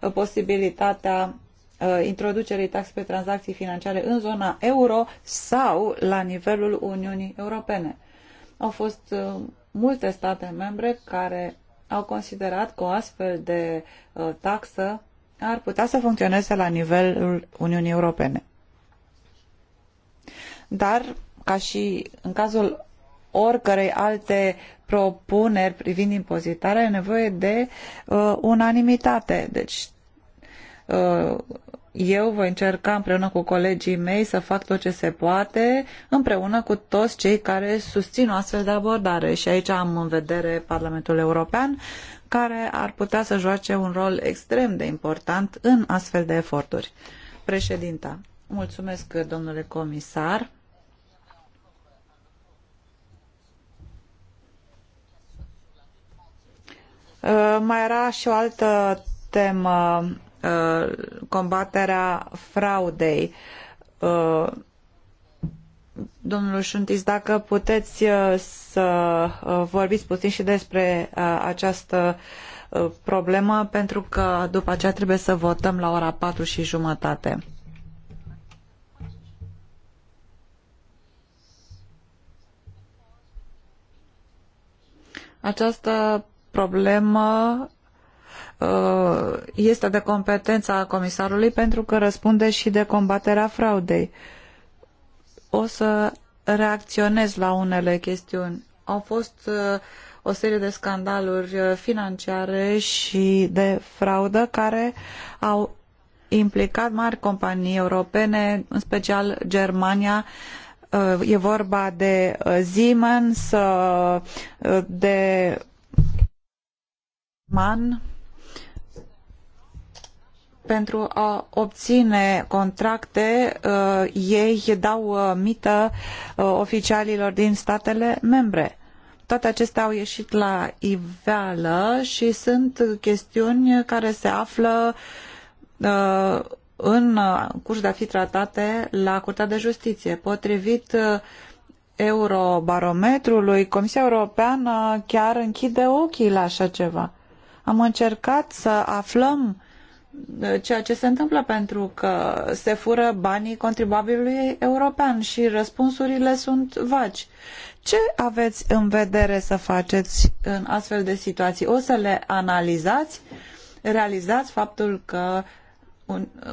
uh, posibilitatea uh, introducerii tax pe tranzacții financiare în zona euro sau la nivelul Uniunii Europene. Au fost multe state membre care au considerat că o astfel de taxă ar putea să funcționeze la nivelul Uniunii Europene dar ca și în cazul oricărei alte propuneri privind impozitarea, e nevoie de uh, unanimitate. Deci uh, eu voi încerca împreună cu colegii mei să fac tot ce se poate, împreună cu toți cei care susțin o astfel de abordare. Și aici am în vedere Parlamentul European, care ar putea să joace un rol extrem de important în astfel de eforturi. Președinta, mulțumesc, domnule comisar. Uh, mai era și o altă temă, uh, combaterea fraudei. Uh, domnul Șuntis, dacă puteți să vorbiți puțin și despre această problemă, pentru că după aceea trebuie să votăm la ora patru și jumătate. Această problemă uh, este de competența comisarului pentru că răspunde și de combaterea fraudei. O să reacționez la unele chestiuni. Au fost uh, o serie de scandaluri uh, financiare și de fraudă care au implicat mari companii europene, în special Germania. E vorba de Siemens, de Mann pentru a obține contracte, uh, ei dau uh, mită uh, oficialilor din statele membre. Toate acestea au ieșit la iveală și sunt chestiuni care se află în curs de a fi tratate la Curtea de Justiție. Potrivit eurobarometrului, Comisia Europeană chiar închide ochii la așa ceva. Am încercat să aflăm uh, ceea ce se întâmplă pentru că se fură banii contribuabilului european și răspunsurile sunt vagi. Ce aveți în vedere să faceți în astfel de situații? O să le analizați? Realizați faptul că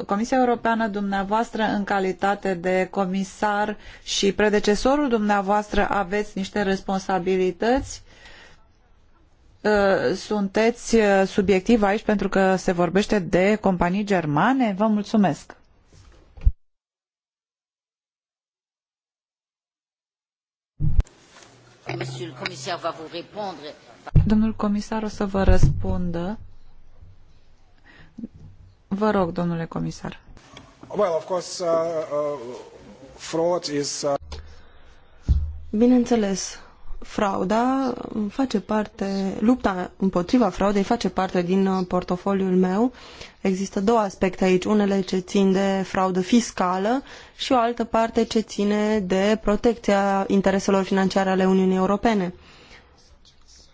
Comisia Europeană, dumneavoastră, în calitate de comisar și predecesorul dumneavoastră, aveți niște responsabilități Uh, sunteți uh, subiectiv aici pentru că se vorbește de companii germane? Vă mulțumesc! Domnul comisar o să vă răspundă. Vă rog, domnule comisar. Well, of course, uh, uh, fraud is... Uh... Bineînțeles, frauda face parte, lupta împotriva fraudei face parte din uh, portofoliul meu. Există două aspecte aici, unele ce țin de fraudă fiscală și o altă parte ce ține de protecția intereselor financiare ale Uniunii Europene.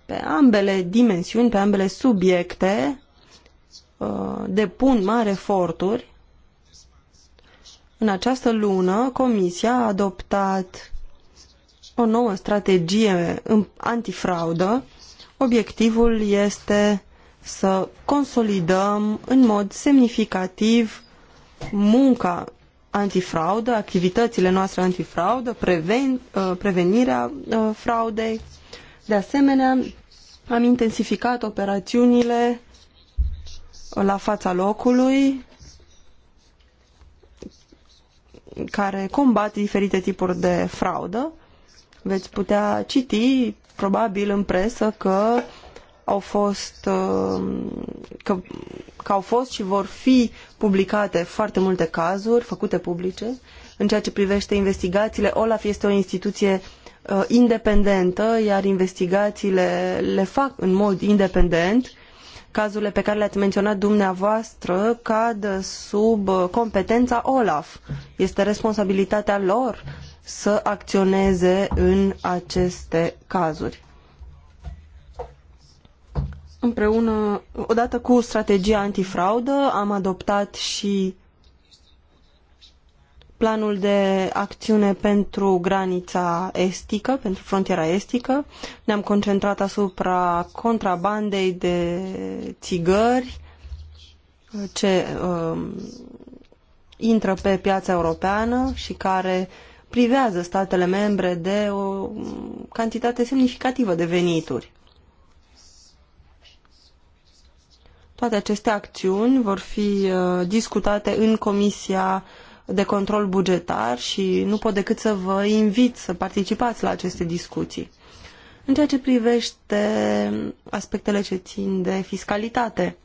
Pe ambele dimensiuni, pe ambele subiecte, uh, depun mari eforturi. În această lună, Comisia a adoptat o nouă strategie antifraudă, obiectivul este să consolidăm în mod semnificativ munca antifraudă, activitățile noastre antifraudă, preven, uh, prevenirea uh, fraudei. De asemenea, am intensificat operațiunile la fața locului care combat diferite tipuri de fraudă Veți putea citi, probabil în presă, că au fost, uh, că, că au fost și vor fi publicate foarte multe cazuri făcute publice. În ceea ce privește investigațiile, OLAF este o instituție uh, independentă, iar investigațiile le fac în mod independent. Cazurile pe care le-ați menționat dumneavoastră cad sub uh, competența OLAF. Este responsabilitatea lor să acționeze în aceste cazuri. Împreună, odată cu strategia antifraudă, am adoptat și planul de acțiune pentru granița estică, pentru frontiera estică. Ne-am concentrat asupra contrabandei de țigări ce uh, intră pe piața europeană și care uh, privează statele membre de o cantitate semnificativă de venituri. Toate aceste acțiuni vor fi uh, discutate în Comisia de Control Bugetar și nu pot decât să vă invit să participați la aceste discuții. În ceea ce privește aspectele ce țin de fiscalitate,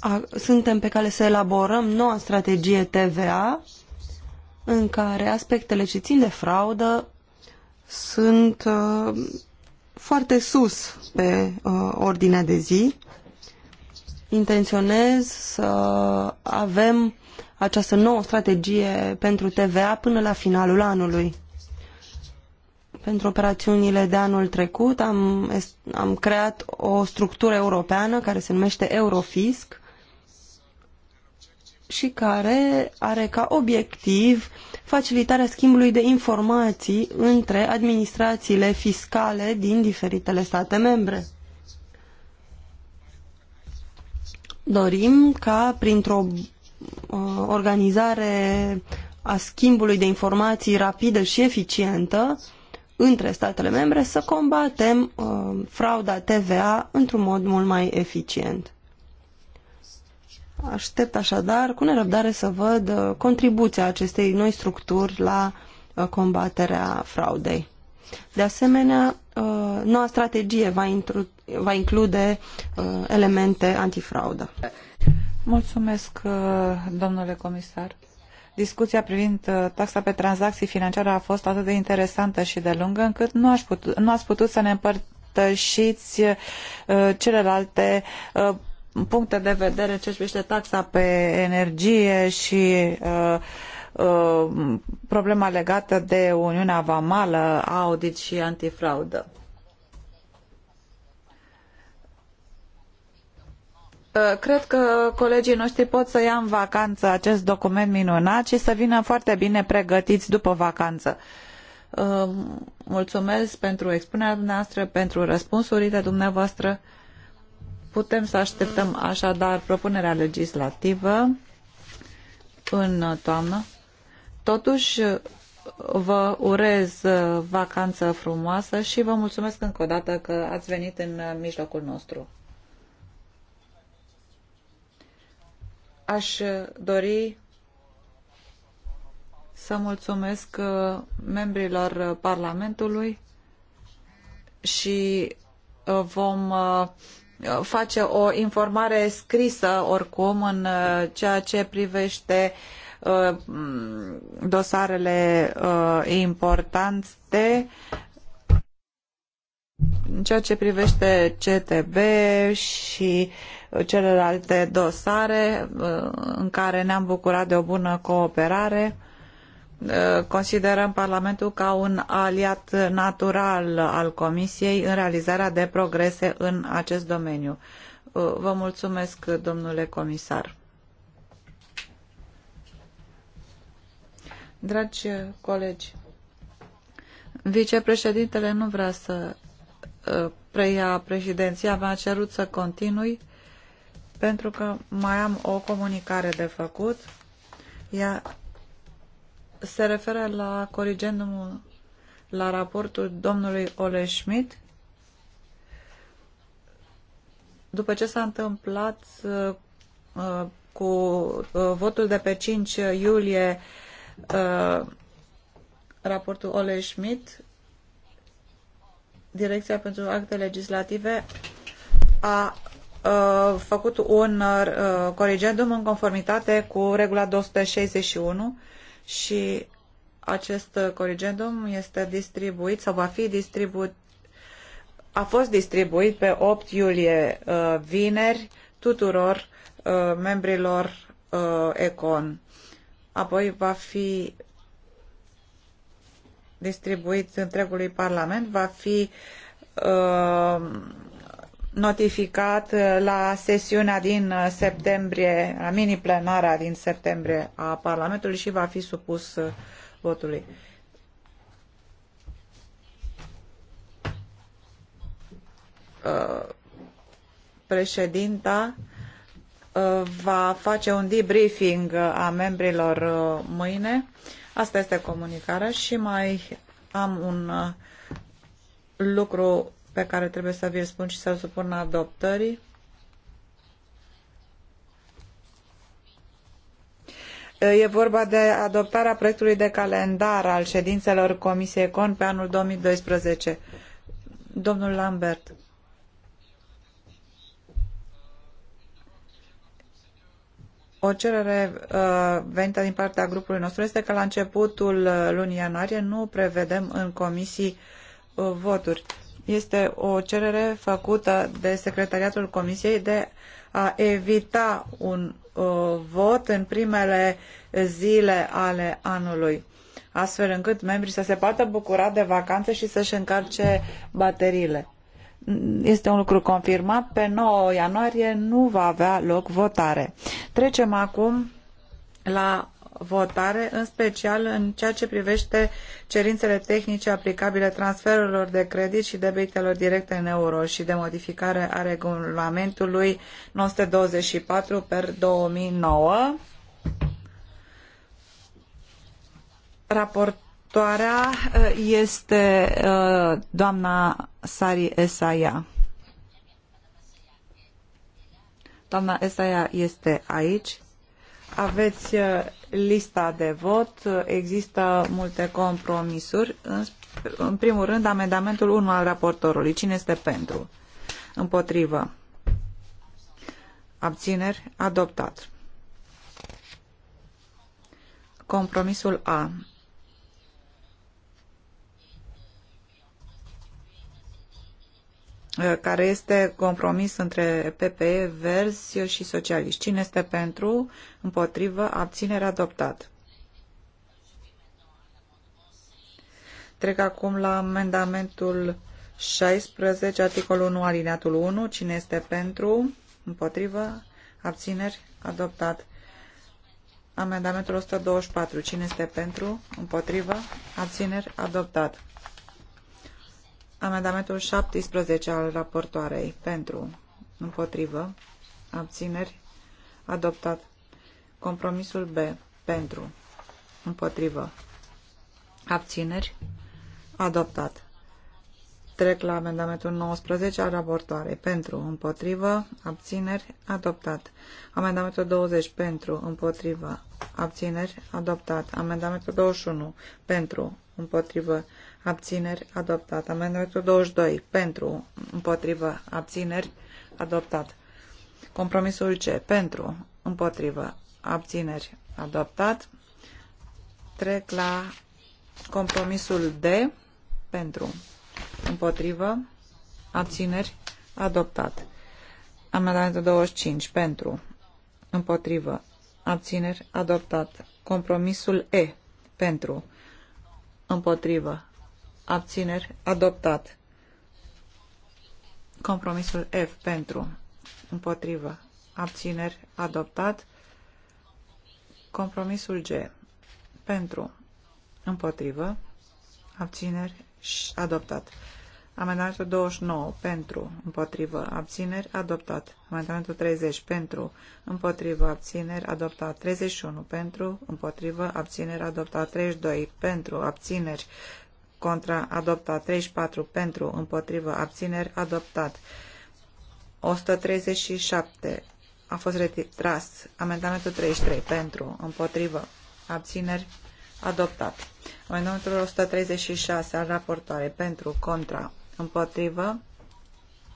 a, suntem pe cale să elaborăm noua strategie TVA în care aspectele ce țin de fraudă sunt uh, foarte sus pe uh, ordinea de zi. Intenționez să avem această nouă strategie pentru TVA până la finalul anului. Pentru operațiunile de anul trecut am, am creat o structură europeană care se numește Eurofisc și care are ca obiectiv facilitarea schimbului de informații între administrațiile fiscale din diferitele state membre. Dorim ca printr-o uh, organizare a schimbului de informații rapidă și eficientă între statele membre să combatem uh, frauda TVA într-un mod mult mai eficient. Aștept așadar cu nerăbdare să văd uh, contribuția acestei noi structuri la uh, combaterea fraudei. De asemenea, uh, noua strategie va, intru, va include elemente antifraudă. Mulțumesc, domnule comisar. Discuția privind taxa pe tranzacții financiare a fost atât de interesantă și de lungă încât nu, aș putu, nu ați putut să ne împărtășiți celelalte puncte de vedere ce privește taxa pe energie și uh, uh, problema legată de Uniunea Vamală, audit și antifraudă. Uh, cred că colegii noștri pot să ia în vacanță acest document minunat și să vină foarte bine pregătiți după vacanță. Uh, mulțumesc pentru expunerea dumneavoastră, pentru răspunsurile dumneavoastră. Putem să așteptăm așadar propunerea legislativă în toamnă. Totuși, vă urez vacanță frumoasă și vă mulțumesc încă o dată că ați venit în mijlocul nostru. Aș dori să mulțumesc membrilor Parlamentului și vom face o informare scrisă oricum în uh, ceea ce privește uh, dosarele uh, importante în ceea ce privește CTB și celelalte dosare în care ne-am bucurat de o bună cooperare Eh, considerăm Parlamentul ca un aliat natural al Comisiei în realizarea de progrese în acest domeniu. Eh, vă mulțumesc, domnule comisar. Dragi colegi, vicepreședintele nu vrea să eh, preia președinția, v a cerut să continui pentru că mai am o comunicare de făcut. Ea se referă la corigendumul, la raportul domnului Ole Schmidt. După ce s-a întâmplat uh, uh cu uh, votul de pe 5 iulie, uh, raportul Ole Schmidt, Direcția pentru Acte Legislative a uh, făcut un uh, corigendum în conformitate cu regula 261 și acest corigendum este distribuit sau va fi distribuit a fost distribuit pe 8 iulie uh, vineri tuturor uh, membrilor uh, Econ. Apoi va fi distribuit întregului Parlament, va fi notificat uh, la sesiunea din uh, septembrie, la mini-plenara din septembrie a Parlamentului și va fi supus uh, votului. Președinta va face un debriefing a membrilor mâine. Asta este comunicarea și mai am un lucru pe care trebuie să vi-l spun și să-l supun adoptării. E vorba de adoptarea proiectului de calendar al ședințelor Comisiei CON pe anul 2012. Domnul Lambert. O cerere uh, venită din partea grupului nostru este că la începutul lunii ianuarie nu prevedem în comisii uh, voturi. Este o cerere făcută de Secretariatul Comisiei de a evita un uh, vot în primele zile ale anului, astfel încât membrii să se poată bucura de vacanțe și să-și încarce bateriile. Este un lucru confirmat, pe 9 ianuarie nu va avea loc votare. Trecem acum la votare, în special în ceea ce privește cerințele tehnice aplicabile transferurilor de credit și debitelor directe în euro și de modificare a regulamentului 924 per 2009. Raportoarea uh, este uh, doamna Sari Esaia. Doamna Esaia este aici aveți uh, lista de vot. Există multe compromisuri. În, primul rând, amendamentul 1 al raportorului. Cine este pentru? Împotrivă. Abțineri. Adoptat. Compromisul A. Uh, care este compromis între PPE, Verzi și Socialiști. Cine este pentru, împotrivă, abținere, adoptat. Trec acum la amendamentul 16, articolul 1, alineatul 1. Cine este pentru, împotrivă, abțineri, adoptat. Amendamentul 124. Cine este pentru, împotrivă, abțineri, adoptat. Amendamentul 17 al raportoarei pentru, împotrivă, abțineri, adoptat. Compromisul B pentru, împotrivă, abțineri, adoptat. Trec la amendamentul 19 al raportoarei. Pentru, împotrivă, abțineri, adoptat. Amendamentul 20 pentru, împotrivă, abțineri, adoptat. Amendamentul 21 pentru, împotrivă, abțineri, adoptat. Amendamentul 22, pentru, împotrivă, abțineri, adoptat. Compromisul C, pentru, împotrivă, abțineri, adoptat. Trec la compromisul D, pentru, împotrivă, abțineri, adoptat. Amendamentul 25, pentru, împotrivă, abțineri, adoptat. Compromisul E, pentru, împotrivă, abțineri, adoptat. Compromisul F pentru, împotrivă, abțineri, adoptat. Compromisul G pentru, împotrivă, abțineri, adoptat. Amendamentul 29 pentru, împotrivă, abțineri, adoptat. Amendamentul 30 pentru, împotrivă, abțineri, adoptat. 31 pentru, împotrivă, abțineri, adoptat. 32 pentru, abțineri, contra adoptat 34 pentru împotrivă abțineri adoptat 137 a fost retras amendamentul 33 pentru împotrivă abțineri adoptat amendamentul 136 al raportoare pentru contra împotrivă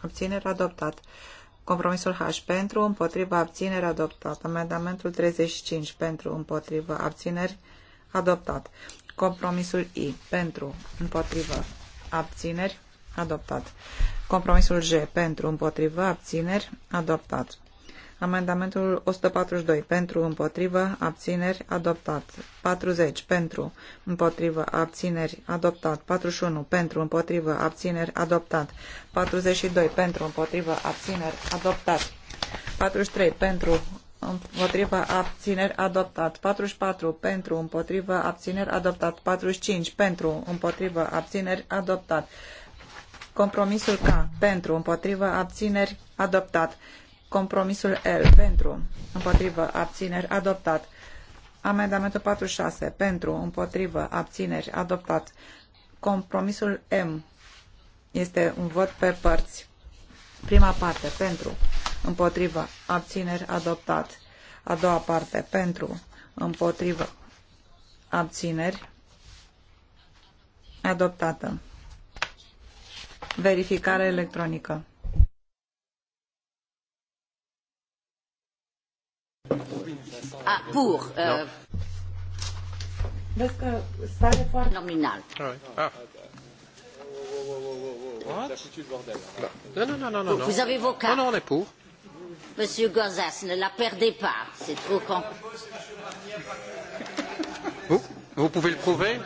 abțineri adoptat Compromisul H pentru, împotriva abțineri adoptat. Amendamentul 35 pentru, împotriva abțineri adoptat. Compromisul I. Pentru. Împotrivă. Abțineri. Adoptat. Compromisul G. Pentru. Împotrivă. Abțineri. Adoptat. Amendamentul 142 pentru, împotrivă, abțineri, adoptat. 40 pentru, împotrivă, abțineri, adoptat. 41 pentru, împotrivă, abțineri, adoptat. 42 pentru, împotrivă, abțineri, adoptat. 43 pentru, împotriva abțineri adoptat 44 pentru împotriva abțineri adoptat 45 pentru împotriva abțineri adoptat compromisul K pentru împotriva abțineri adoptat compromisul L pentru împotriva abțineri adoptat amendamentul 46 pentru împotriva abțineri adoptat compromisul M este un vot pe părți prima parte pentru împotrivă, abțineri, adoptat. A doua parte, pentru, împotrivă, abțineri, adoptată. Verificare electronică. A, pur. Uh... Vezi că stare foarte... Nominal. Ah. ah. What? nu, nu, nu, nu. no. Vous avez vos cartes. Non, non, on est pour. Monsieur Gozas, ne la perdez pas, c'est trop con. Vous, vous pouvez le prouver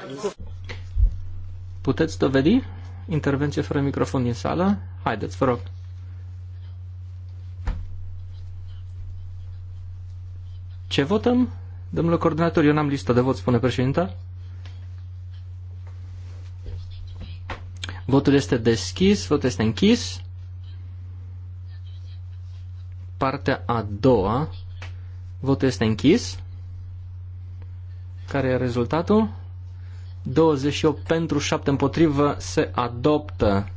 Puteți dovedi? Intervenție fără microfon din sală? Haideți, vă rog. Ce votăm? Domnule coordonator, eu n-am listă de vot, spune președinta. Votul este deschis, votul este închis partea a doua. Votul este închis. Care e rezultatul? 28 pentru, 7 împotrivă, se adoptă.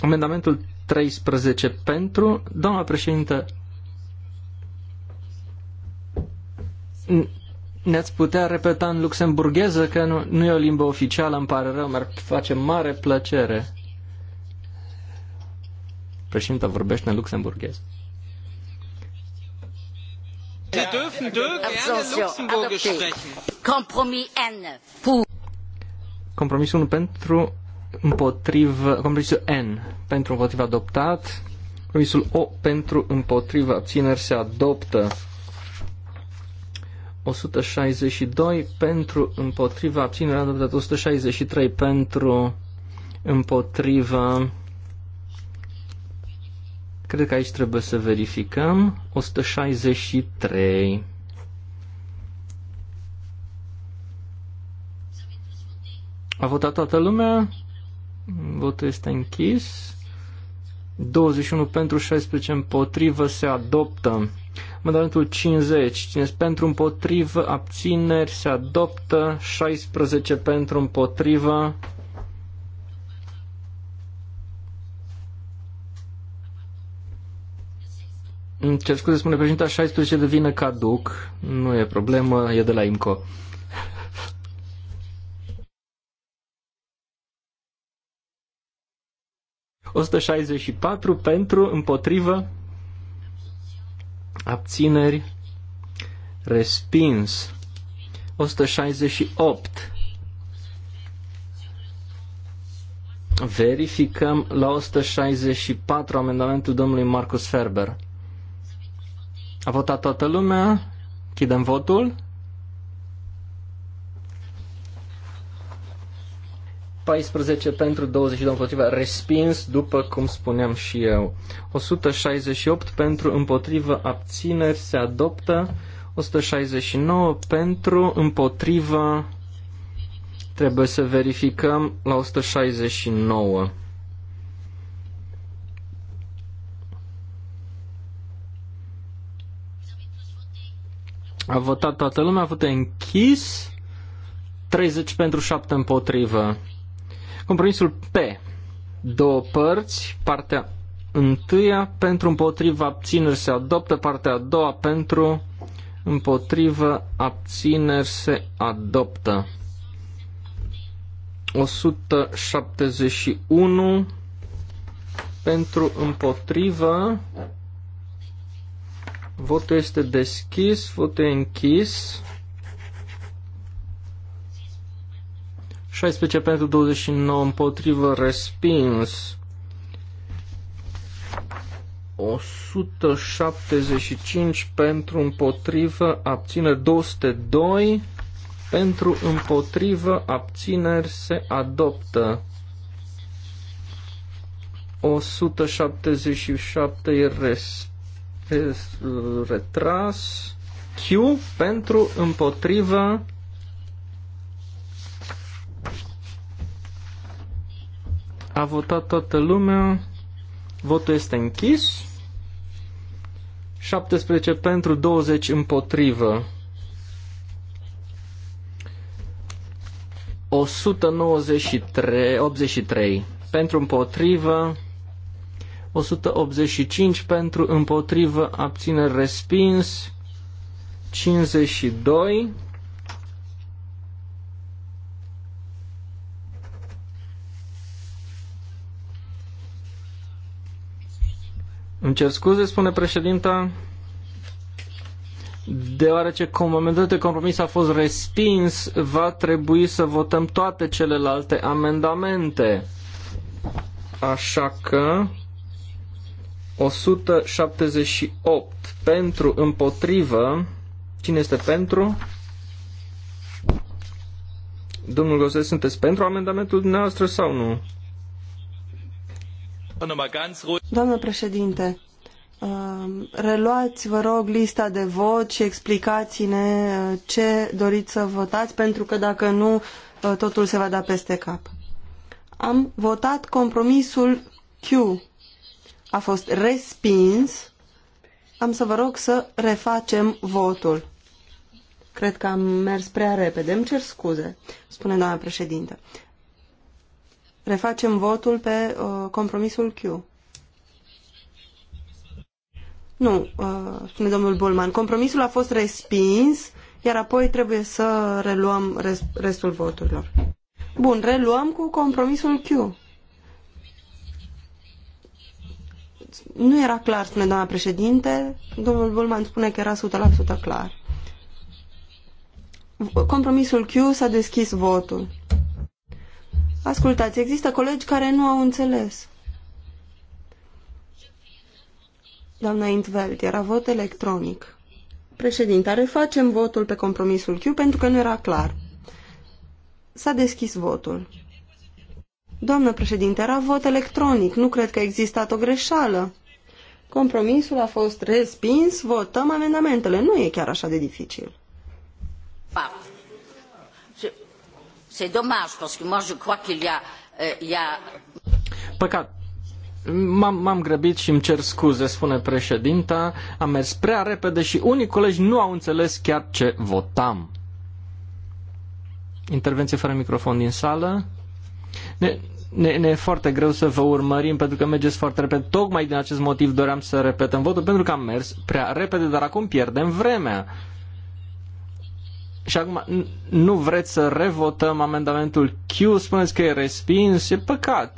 Amendamentul 13 pentru. Doamna președintă, ne-ați putea repeta în luxemburgheză că nu, nu e o limbă oficială, îmi pare rău, mi-ar face mare plăcere. Președinte, vorbește în luxemburghez. Da. Compromis N. Compromisul 1 pentru împotrivă, compromisul N pentru împotrivă adoptat, compromisul O pentru împotrivă abțineri se adoptă. 162 pentru împotriva abținerea de 163 pentru împotriva cred că aici trebuie să verificăm 163 a votat toată lumea votul este închis 21 pentru 16 împotrivă se adoptă Mandamentul 50. Cine pentru împotrivă, abțineri, se adoptă. 16 pentru împotrivă. Ce scuze, spune președinta, 16 devine caduc. Nu e problemă, e de la IMCO. ...164 pentru, împotrivă, abțineri, respins. 168. Verificăm la 164 amendamentul domnului Marcus Ferber. A votat toată lumea? Chidem votul. 14 pentru 22 împotriva, respins, după cum spuneam și eu. 168 pentru împotrivă, abțineri, se adoptă. 169 pentru împotrivă, trebuie să verificăm la 169. A votat toată lumea, a votat închis, 30 pentru 7 împotrivă. Compromisul P. Două părți, partea întâia pentru împotriva abțineri se adoptă, partea a doua pentru împotriva abțineri se adoptă. 171 pentru împotriva votul este deschis, votul e închis 16 pentru 29 împotrivă respins. 175 pentru împotrivă abțineri 202 pentru împotrivă abțineri se adoptă 177 e res, retras Q pentru împotrivă A votat toată lumea. Votul este închis. 17 pentru, 20 împotrivă. 193 83. pentru împotrivă, 185 pentru împotrivă, abține respins, 52 Îmi cer scuze, spune președinta, deoarece comandantul de compromis a fost respins, va trebui să votăm toate celelalte amendamente. Așa că 178 pentru împotrivă. Cine este pentru? Domnul Gozet, sunteți pentru amendamentul dumneavoastră sau nu? Doamnă președinte, um, reluați, vă rog, lista de vot și explicați-ne uh, ce doriți să votați, pentru că dacă nu, uh, totul se va da peste cap. Am votat compromisul Q. A fost respins. Am să vă rog să refacem votul. Cred că am mers prea repede. Îmi cer scuze, spune doamna președinte refacem votul pe uh, compromisul Q. Nu, uh, spune domnul Bulman. Compromisul a fost respins, iar apoi trebuie să reluăm res restul voturilor. Bun, reluăm cu compromisul Q. Nu era clar, spune doamna președinte. Domnul Bulman spune că era 100% clar. Compromisul Q s-a deschis votul. Ascultați, există colegi care nu au înțeles. Doamna Intveld, era vot electronic. Președintare, facem votul pe compromisul Q pentru că nu era clar. S-a deschis votul. Doamna președinte, era vot electronic. Nu cred că a existat o greșeală. Compromisul a fost respins, votăm amendamentele. Nu e chiar așa de dificil. Fapt. C'est dommage parce que moi je crois qu'il y a, euh, il y a... Păcat. M-am, grăbit și îmi cer scuze, spune președinta. Am mers prea repede și unii colegi nu au înțeles chiar ce votam. Intervenție fără microfon din sală. Ne, ne, ne e foarte greu să vă urmărim pentru că mergeți foarte repede. Tocmai din acest motiv doream să repetăm votul pentru că am mers prea repede, dar acum pierdem vremea. Și acum nu vreți să revotăm amendamentul Q, spuneți că e respins, e păcat.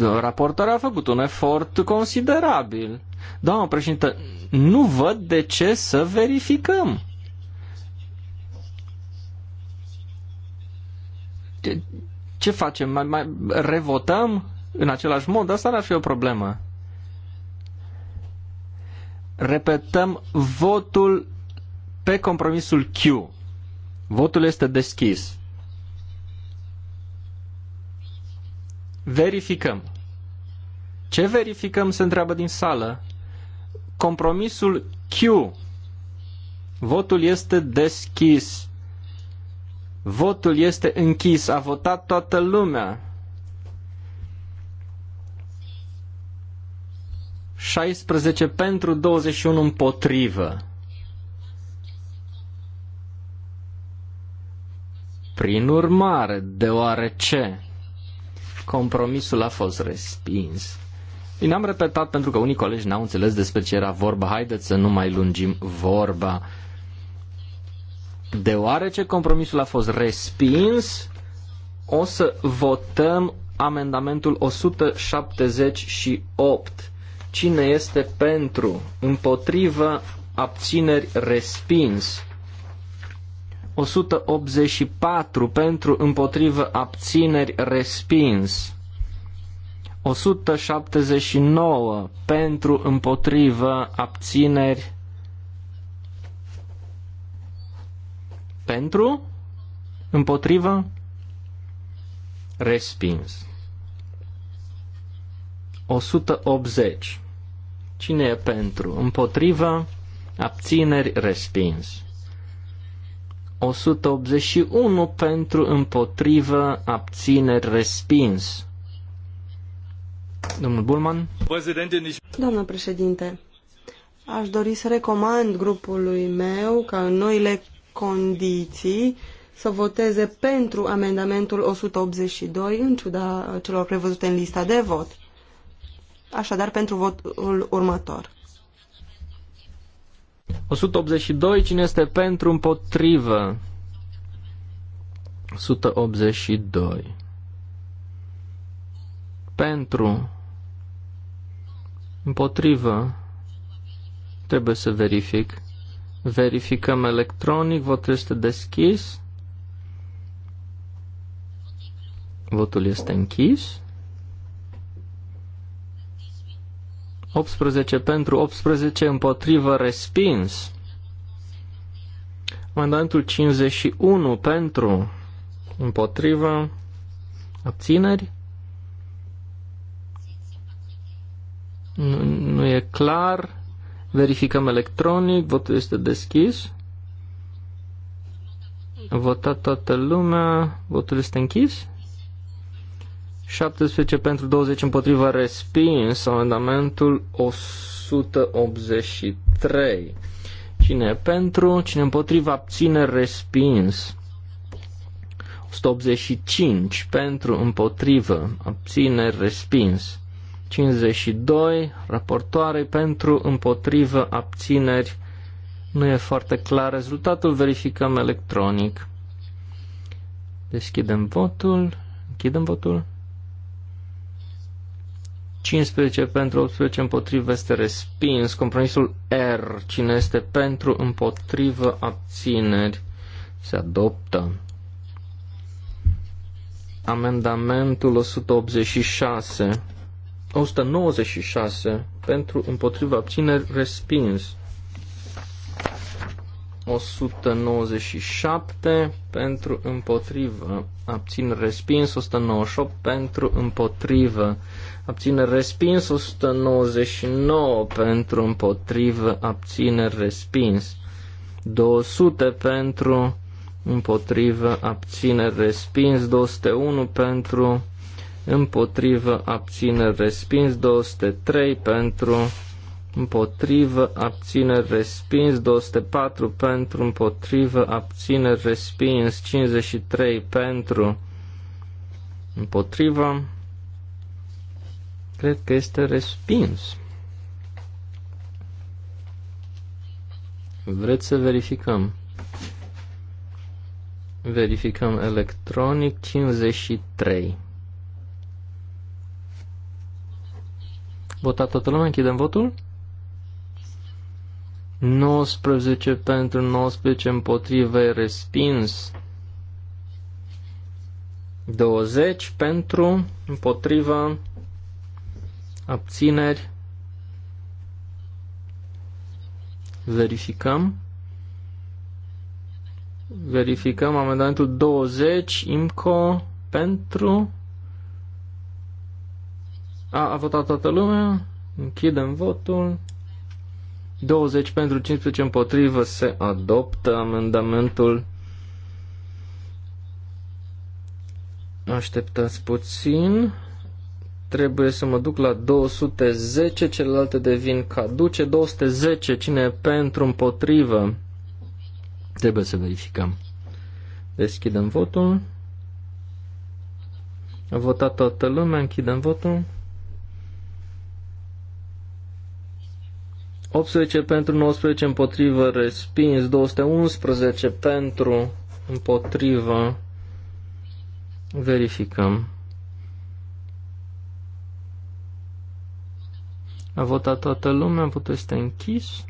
Raportarea a făcut un efort considerabil. Doamna președintă, nu văd de ce să verificăm. Ce, ce facem? Mai, mai revotăm în același mod? Asta n-ar fi o problemă. Repetăm votul pe compromisul Q. Votul este deschis. Verificăm. Ce verificăm se întreabă din sală. Compromisul Q. Votul este deschis. Votul este închis. A votat toată lumea. 16 pentru, 21 împotrivă. Prin urmare, deoarece compromisul a fost respins, bine, am repetat pentru că unii colegi n-au înțeles despre ce era vorba. Haideți să nu mai lungim vorba. Deoarece compromisul a fost respins, o să votăm amendamentul 178. Cine este pentru? Împotrivă? Abțineri? Respins? 184 pentru împotrivă abțineri respins. 179 pentru împotrivă abțineri pentru împotrivă respins. 180. Cine e pentru? Împotrivă? Abțineri? Respins. 181 pentru împotrivă abțineri respins. Domnul Bulman. Doamnă președinte, aș dori să recomand grupului meu ca în noile condiții să voteze pentru amendamentul 182 în ciuda celor prevăzute în lista de vot. Așadar, pentru votul următor. 182, cine este pentru, împotrivă? 182. Pentru, împotrivă, trebuie să verific. Verificăm electronic, votul este deschis. Votul este închis. 18 pentru 18 împotrivă respins. mandantul 51 pentru împotrivă abțineri. Nu, nu e clar. Verificăm electronic. Votul este deschis. A votat toată lumea. Votul este închis. 17 pentru 20 împotriva respins amendamentul 183. Cine pentru, cine împotriva abține respins. 185 pentru împotrivă, abține respins. 52 raportoare pentru împotrivă, abțineri. Nu e foarte clar rezultatul, verificăm electronic. Deschidem votul, închidem votul. 15 pentru 18 împotrivă este respins. Compromisul R. Cine este pentru împotrivă abțineri se adoptă. Amendamentul 186. 196 pentru împotrivă abțineri respins. 197 pentru împotrivă abțin respins. 198 pentru împotrivă abțineri respins, 199 pentru împotrivă, abțineri respins, 200 pentru împotrivă, abțineri respins, 201 pentru împotrivă, abțineri respins, 203 pentru împotrivă, abțineri respins, 204 pentru împotrivă, abțineri respins, 53 pentru împotrivă, Cred că este respins. Vreți să verificăm? Verificăm electronic 53. Votat toată lumea? Închidem votul? 19 pentru 19 împotrivă e respins. 20 pentru împotriva abțineri, verificăm. Verificăm amendamentul 20, IMCO, pentru... A, a votat toată lumea, închidem votul. 20 pentru 15 împotrivă se adoptă amendamentul. Așteptați puțin trebuie să mă duc la 210, celelalte devin caduce, 210, cine e pentru, împotrivă, trebuie să verificăm. Deschidem votul. A votat toată lumea, închidem votul. 18 pentru, 19 împotrivă, respins, 211 pentru, împotrivă, verificăm. A votat toată lumea, votul este închis.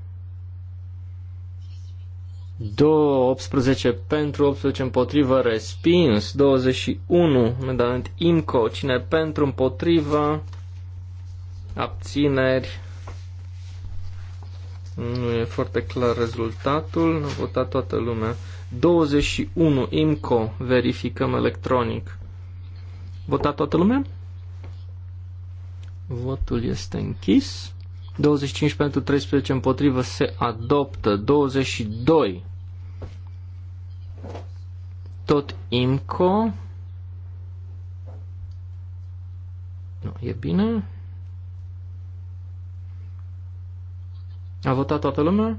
2, 18 pentru, 18 împotrivă, respins, 21, amendament IMCO, cine pentru, împotrivă, abțineri, nu e foarte clar rezultatul, a votat toată lumea, 21 IMCO, verificăm electronic. Votat toată lumea? Votul este închis. 25 pentru 13 împotrivă se adoptă. 22. Tot IMCO. Nu, e bine. A votat toată lumea?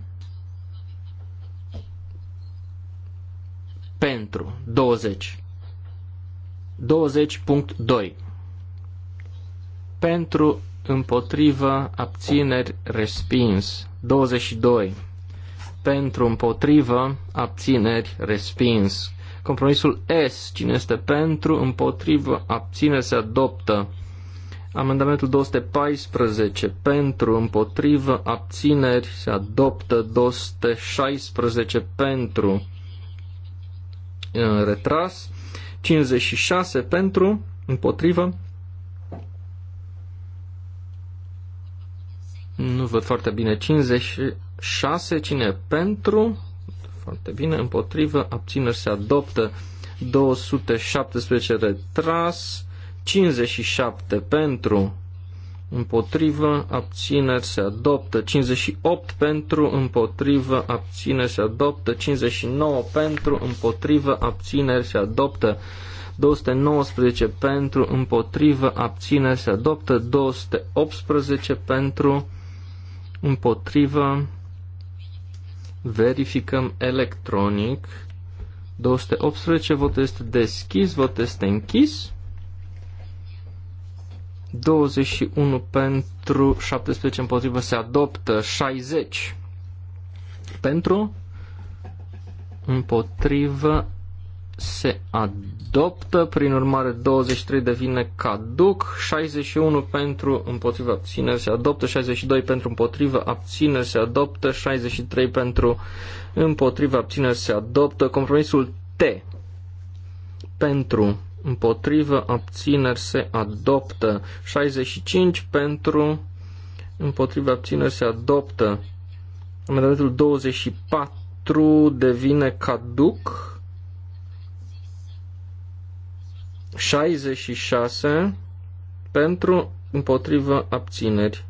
Pentru 20. 20.2 pentru, împotrivă, abțineri, respins. 22. Pentru, împotrivă, abțineri, respins. Compromisul S. Cine este pentru, împotrivă, abțineri, se adoptă. Amendamentul 214 pentru, împotrivă, abțineri, se adoptă 216 pentru, retras, 56 pentru, împotrivă, Nu văd foarte bine. 56. Cine pentru? Foarte bine. Împotrivă. Abțineri se adoptă. 217 retras. 57 pentru. Împotrivă. Abțineri se adoptă. 58 pentru. Împotrivă. Abțineri se adoptă. 59 pentru. Împotrivă. Abțineri se adoptă. 219 pentru, împotrivă, abțineri se adoptă, 218 pentru, împotrivă, verificăm electronic. 218, vot este deschis, vot este închis. 21 pentru, 17 împotrivă, se adoptă, 60 pentru, împotrivă, se adoptă, prin urmare 23 devine caduc, 61 pentru împotriva abțineri se adoptă, 62 pentru împotriva abțineri se adoptă, 63 pentru împotriva abțineri se adoptă, compromisul T pentru împotriva abțineri se adoptă, 65 pentru împotriva abțineri se adoptă, amendamentul 24 devine caduc, 66 pentru, împotrivă, abțineri.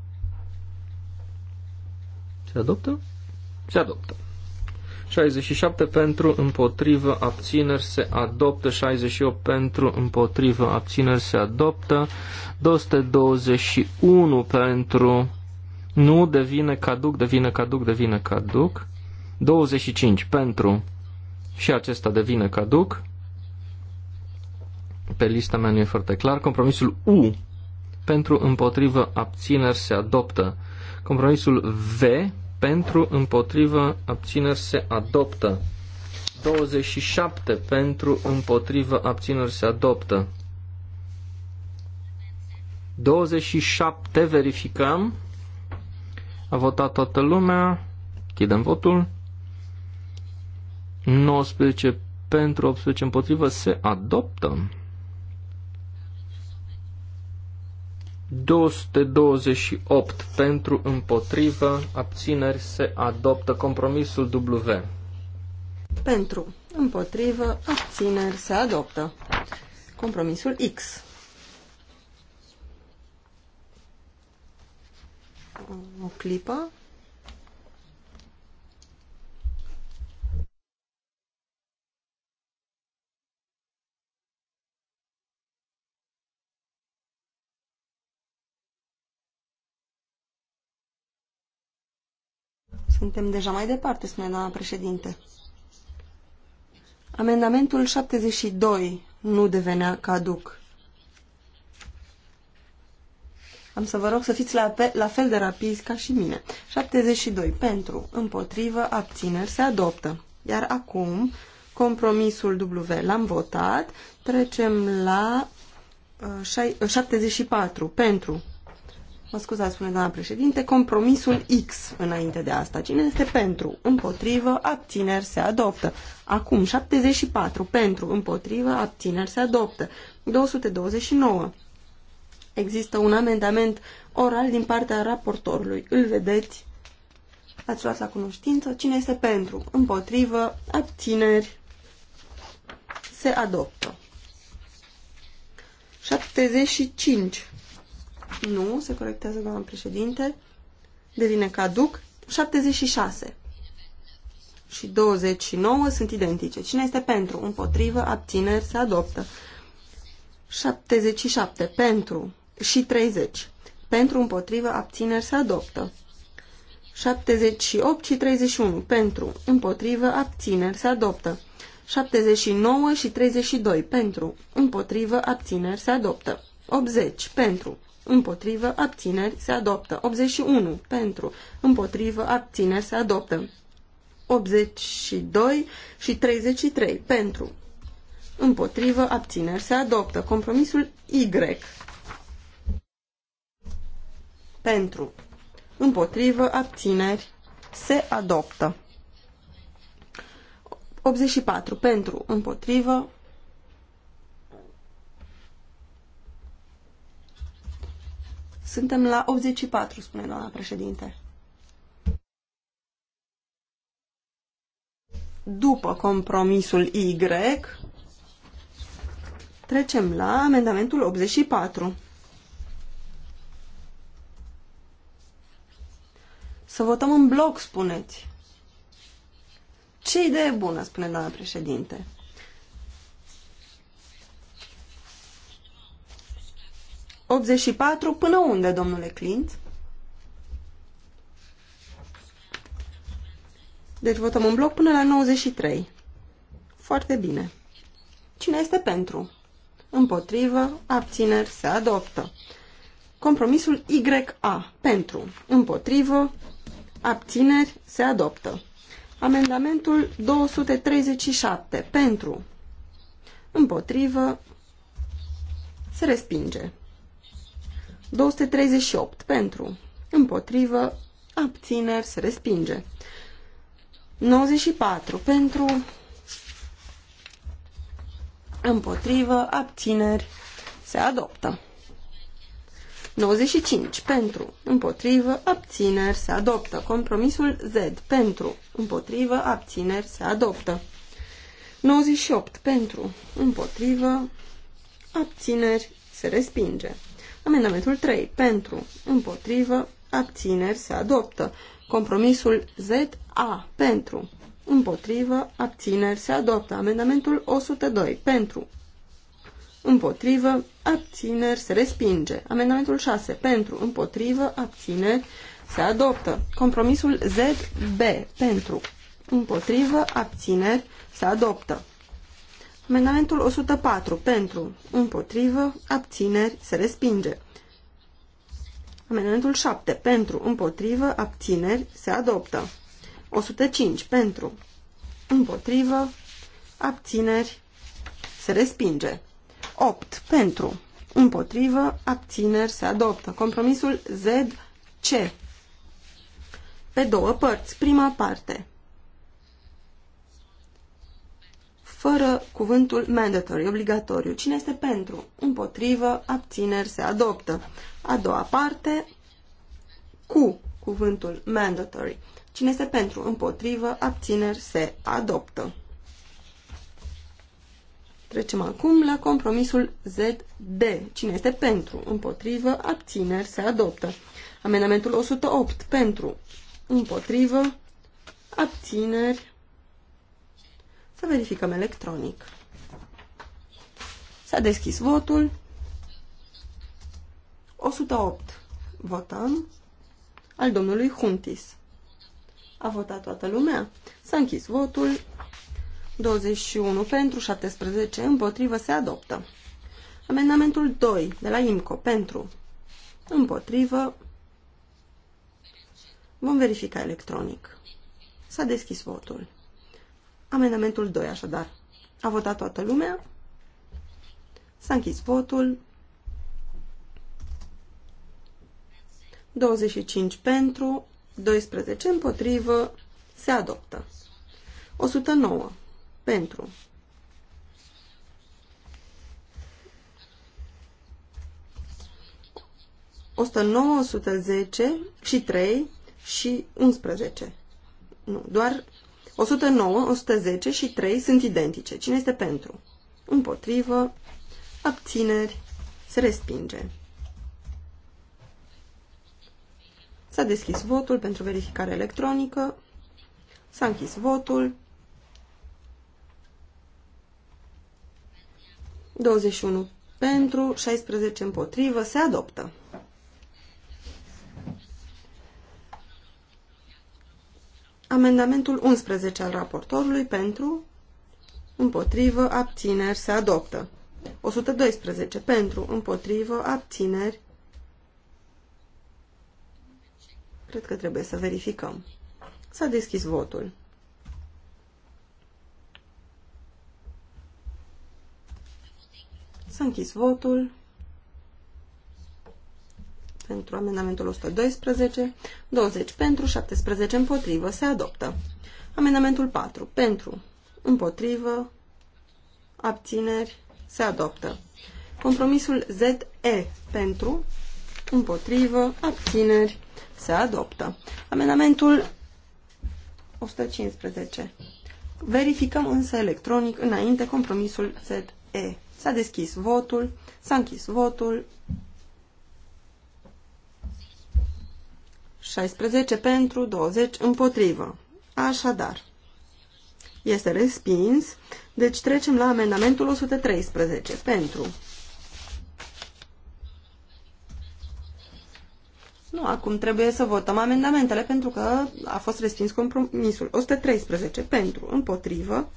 Se adoptă? Se adoptă. 67 pentru, împotrivă, abțineri se adoptă, 68 pentru, împotrivă, abțineri se adoptă, 221 pentru, nu devine caduc, devine caduc, devine caduc, 25 pentru, și acesta devine caduc, pe lista mea nu e foarte clar. Compromisul U pentru împotrivă abțineri se adoptă. Compromisul V pentru împotrivă abțineri se adoptă. 27 pentru împotrivă abțineri se adoptă. 27 verificăm. A votat toată lumea. Chidem votul. 19 pentru 18 împotrivă se adoptă. 228 pentru împotrivă, abțineri se adoptă compromisul W. Pentru împotrivă, abțineri se adoptă compromisul X. O clipă. Suntem deja mai departe, spune doamna președinte. Amendamentul 72 nu devenea caduc. Am să vă rog să fiți la, la fel de rapizi ca și mine. 72. Pentru, împotrivă, abțineri, se adoptă. Iar acum, compromisul W l-am votat, trecem la uh, 74. Uh, pentru, mă scuzați, spune doamna președinte, compromisul X înainte de asta. Cine este pentru? Împotrivă, abțineri, se adoptă. Acum, 74, pentru, împotrivă, abțineri, se adoptă. 229. Există un amendament oral din partea raportorului. Îl vedeți? Ați luat la cunoștință? Cine este pentru? Împotrivă, abțineri, se adoptă. 75 nu, se corectează, doamna președinte. Devine caduc. 76 și 29 sunt identice. Cine este pentru? Împotrivă, abțineri, se adoptă. 77 pentru și 30. Pentru, împotrivă, abțineri, se adoptă. 78 și 31 pentru, împotrivă, abțineri, se adoptă. 79 și 32 pentru, împotrivă, abțineri, se adoptă. 80 pentru, împotrivă, abțineri, se adoptă. 81 pentru, împotrivă, abțineri, se adoptă. 82 și 33 pentru, împotrivă, abțineri, se adoptă. Compromisul Y pentru, împotrivă, abțineri, se adoptă. 84 pentru, împotrivă, Suntem la 84, spune doamna președinte. După compromisul Y, trecem la amendamentul 84. Să votăm în bloc, spuneți. Ce idee bună, spune doamna președinte. 84 până unde, domnule Clint? Deci votăm în bloc până la 93. Foarte bine. Cine este pentru? Împotrivă, abțineri, se adoptă. Compromisul YA. Pentru, împotrivă, abțineri, se adoptă. Amendamentul 237. Pentru, împotrivă, se respinge. 238 pentru, împotrivă, abțineri, se respinge. 94 pentru, împotrivă, abțineri, se adoptă. 95 pentru, împotrivă, abțineri, se adoptă. Compromisul Z pentru, împotrivă, abțineri, se adoptă. 98 pentru, împotrivă, abțineri, se respinge. Amendamentul 3. Pentru, împotrivă, abțineri se adoptă. Compromisul ZA. Pentru, împotrivă, abțineri se adoptă. Amendamentul 102. Pentru, împotrivă, abțineri se respinge. Amendamentul 6. Pentru, împotrivă, abțineri se adoptă. Compromisul ZB. Pentru, împotrivă, abțineri se adoptă. Amendamentul 104 pentru, împotrivă, abțineri, se respinge. Amendamentul 7 pentru, împotrivă, abțineri, se adoptă. 105 pentru, împotrivă, abțineri, se respinge. 8 pentru, împotrivă, abțineri, se adoptă. Compromisul ZC Pe două părți. Prima parte fără cuvântul mandatory, obligatoriu. Cine este pentru? Împotrivă, abțineri, se adoptă. A doua parte, cu cuvântul mandatory. Cine este pentru? Împotrivă, abțineri, se adoptă. Trecem acum la compromisul ZD. Cine este pentru? Împotrivă, abțineri, se adoptă. Amendamentul 108. Pentru, împotrivă, abțineri, să verificăm electronic. S-a deschis votul. 108. Votăm. Al domnului Huntis. A votat toată lumea. S-a închis votul. 21 pentru, 17 împotrivă, se adoptă. Amendamentul 2 de la IMCO pentru, împotrivă, vom verifica electronic. S-a deschis votul. Amendamentul 2, așadar. A votat toată lumea. S-a închis votul. 25 pentru, 12 împotrivă, se adoptă. 109 pentru. 109, 110 și 3 și 11. Nu, doar 109, 110 și 3 sunt identice. Cine este pentru? Împotrivă, abțineri, se respinge. S-a deschis votul pentru verificare electronică. S-a închis votul. 21 pentru, 16 împotrivă, se adoptă. Amendamentul 11 al raportorului pentru, împotrivă, abțineri, se adoptă. 112 pentru, împotrivă, abțineri. Cred că trebuie să verificăm. S-a deschis votul. S-a închis votul pentru amendamentul 112, 20 pentru, 17 împotrivă, se adoptă. Amendamentul 4 pentru, împotrivă, abțineri, se adoptă. Compromisul ZE pentru, împotrivă, abțineri, se adoptă. Amendamentul 115. Verificăm însă electronic înainte compromisul ZE. S-a deschis votul, s-a închis votul, 16 pentru, 20 împotrivă. Așadar, este respins. Deci trecem la amendamentul 113 pentru. Nu, acum trebuie să votăm amendamentele pentru că a fost respins compromisul. 113 pentru, împotrivă,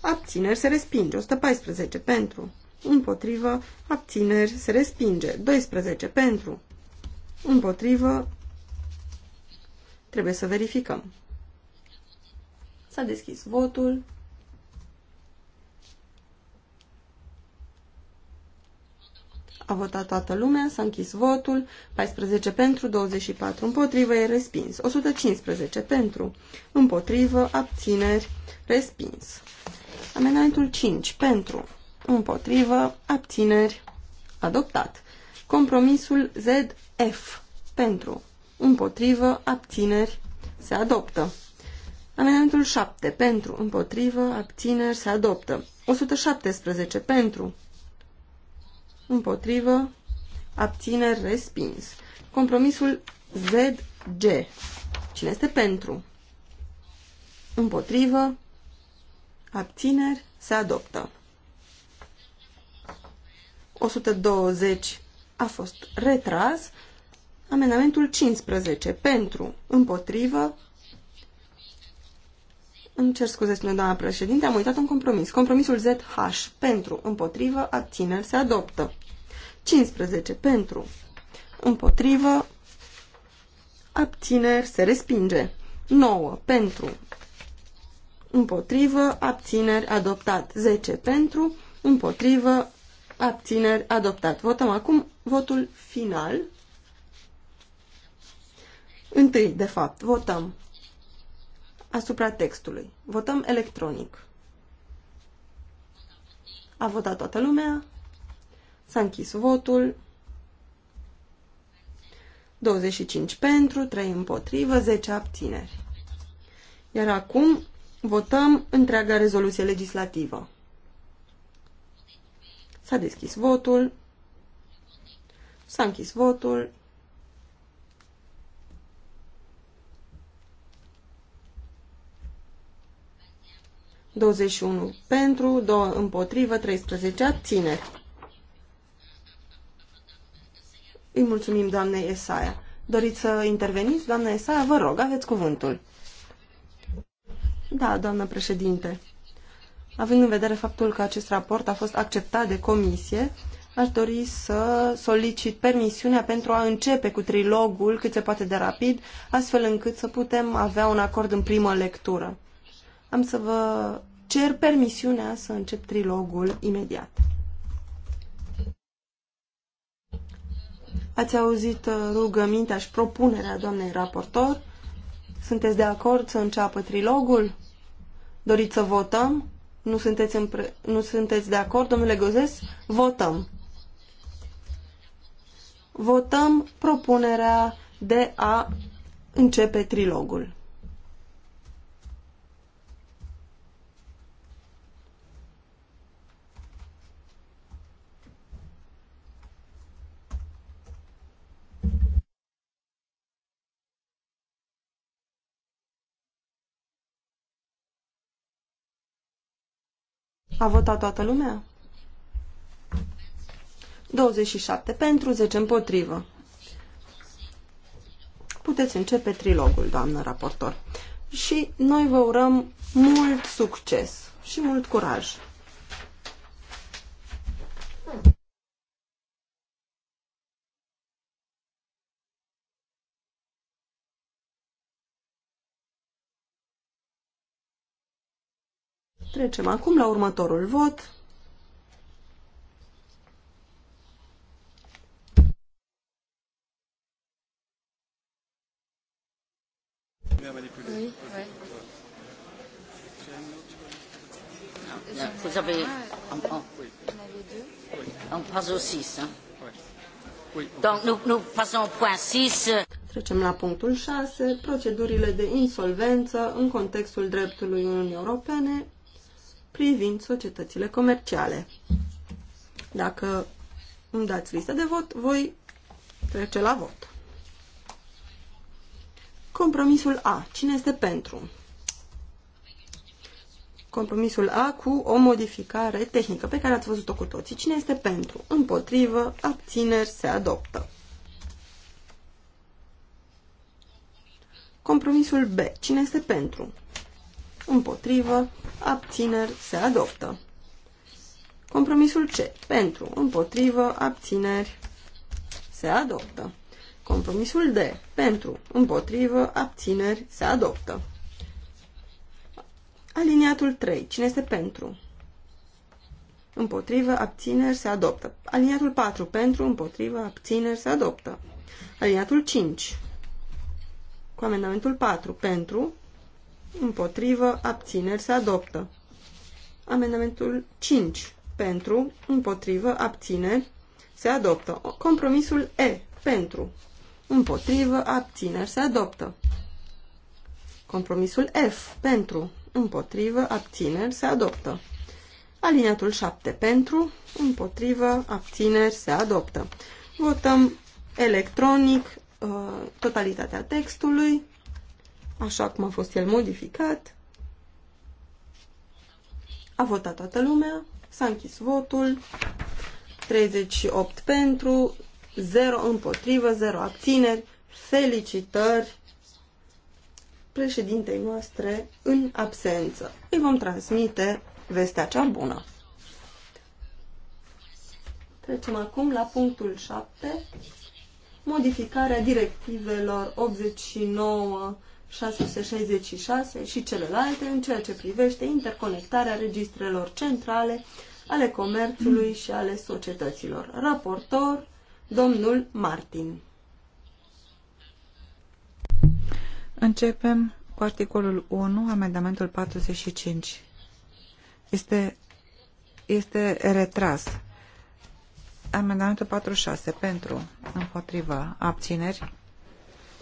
abțineri se respinge. 114 pentru, împotrivă, abțineri se respinge. 12 pentru, împotrivă, Trebuie să verificăm. S-a deschis votul. A votat toată lumea, s-a închis votul, 14 pentru, 24 împotrivă, e respins. 115 pentru, împotrivă, abțineri, respins. Amendamentul 5 pentru, împotrivă, abțineri, adoptat. Compromisul ZF pentru, împotrivă, abțineri, se adoptă. Amendamentul 7 pentru, împotrivă, abțineri, se adoptă. 117 pentru, împotrivă, abțineri, respins. Compromisul ZG. Cine este pentru? Împotrivă, abțineri, se adoptă. 120 a fost retras Amendamentul 15. Pentru, împotrivă, îmi cer scuze, spune doamna președinte, am uitat un compromis. Compromisul ZH. Pentru, împotrivă, abțineri, se adoptă. 15. Pentru, împotrivă, abțineri, se respinge. 9. Pentru, împotrivă, abțineri, adoptat. 10. Pentru, împotrivă, abțineri, adoptat. Votăm acum votul final Întâi, de fapt, votăm asupra textului. Votăm electronic. A votat toată lumea. S-a închis votul. 25 pentru, 3 împotrivă, 10 abțineri. Iar acum votăm întreaga rezoluție legislativă. S-a deschis votul. S-a închis votul. 21 pentru, 2 împotrivă, 13 abțineri. Îi mulțumim doamnei Esaia. Doriți să interveniți, doamna Esaia? Vă rog, aveți cuvântul. Da, doamnă președinte. Având în vedere faptul că acest raport a fost acceptat de comisie, aș dori să solicit permisiunea pentru a începe cu trilogul cât se poate de rapid, astfel încât să putem avea un acord în primă lectură. Am să vă cer permisiunea să încep trilogul imediat. Ați auzit uh, rugămintea și propunerea doamnei raportor? Sunteți de acord să înceapă trilogul? Doriți să votăm? Nu sunteți, împre... nu sunteți de acord, domnule Gozes? Votăm. Votăm propunerea de a începe trilogul. A votat toată lumea? 27 pentru, 10 împotrivă. Puteți începe trilogul, doamnă raportor. Și noi vă urăm mult succes și mult curaj. Trecem acum la următorul vot. Vous avez... On passe au 6. Hein. Donc, nous, nous passons au point 6. Trecem la punctul 6, procedurile de insolvență în contextul dreptului Uniunii Europene, privind societățile comerciale. Dacă îmi dați lista de vot, voi trece la vot. Compromisul A. Cine este pentru? Compromisul A cu o modificare tehnică pe care ați văzut-o cu toții. Cine este pentru? Împotrivă, abțineri, se adoptă. Compromisul B. Cine este pentru? împotrivă, abțineri, se adoptă. Compromisul C. Pentru, împotrivă, abțineri, se adoptă. Compromisul D. Pentru, împotrivă, abțineri, se adoptă. Aliniatul 3. Cine este pentru? Împotrivă, abțineri, se adoptă. Aliniatul 4. Pentru, împotrivă, abțineri, se adoptă. Aliniatul 5. Cu amendamentul 4. Pentru, împotrivă, abțineri, se adoptă. Amendamentul 5, pentru, împotrivă, abțineri, se adoptă. Compromisul E, pentru, împotrivă, abțineri, se adoptă. Compromisul F, pentru, împotrivă, abțineri, se adoptă. Aliniatul 7, pentru, împotrivă, abțineri, se adoptă. Votăm electronic uh, totalitatea textului așa cum a fost el modificat. A votat toată lumea, s-a închis votul, 38 pentru, 0 împotrivă, 0 abțineri, felicitări președintei noastre în absență. Îi vom transmite vestea cea bună. Trecem acum la punctul 7, modificarea directivelor 89 666 și celelalte în ceea ce privește interconectarea registrelor centrale ale comerțului și ale societăților. Raportor, domnul Martin. Începem cu articolul 1, amendamentul 45. Este, este retras. Amendamentul 46 pentru, împotriva, abțineri,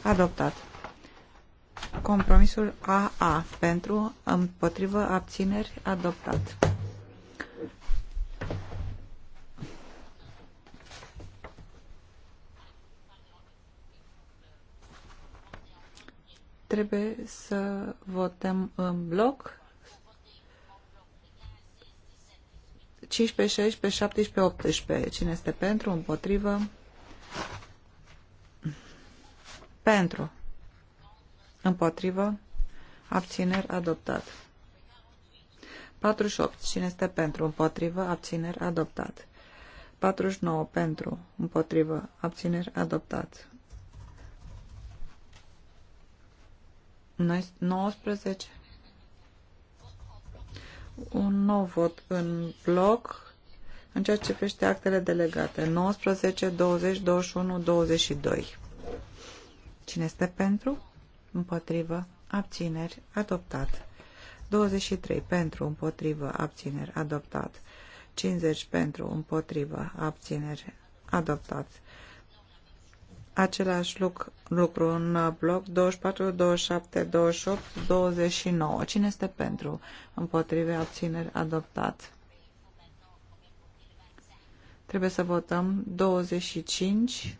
adoptat. Compromisul AA pentru împotrivă abțineri adoptat. Trebuie să votăm în bloc 15, 16, 17, 18. Cine este pentru, împotrivă? Pentru. Împotrivă. Abțineri adoptat. 48. Cine este pentru? Împotrivă. Abțineri adoptat. 49. Pentru. Împotrivă. Abțineri adoptat. 19. Un nou vot în bloc în ceea ce privește actele delegate. 19, 20, 21, 22. Cine este pentru? împotrivă, abțineri, adoptat. 23 pentru, împotrivă, abțineri, adoptat. 50 pentru, împotrivă, abțineri, adoptat. Același lucru, lucru în bloc 24, 27, 28, 29. Cine este pentru? împotrivă, abțineri, adoptat. Trebuie să votăm 25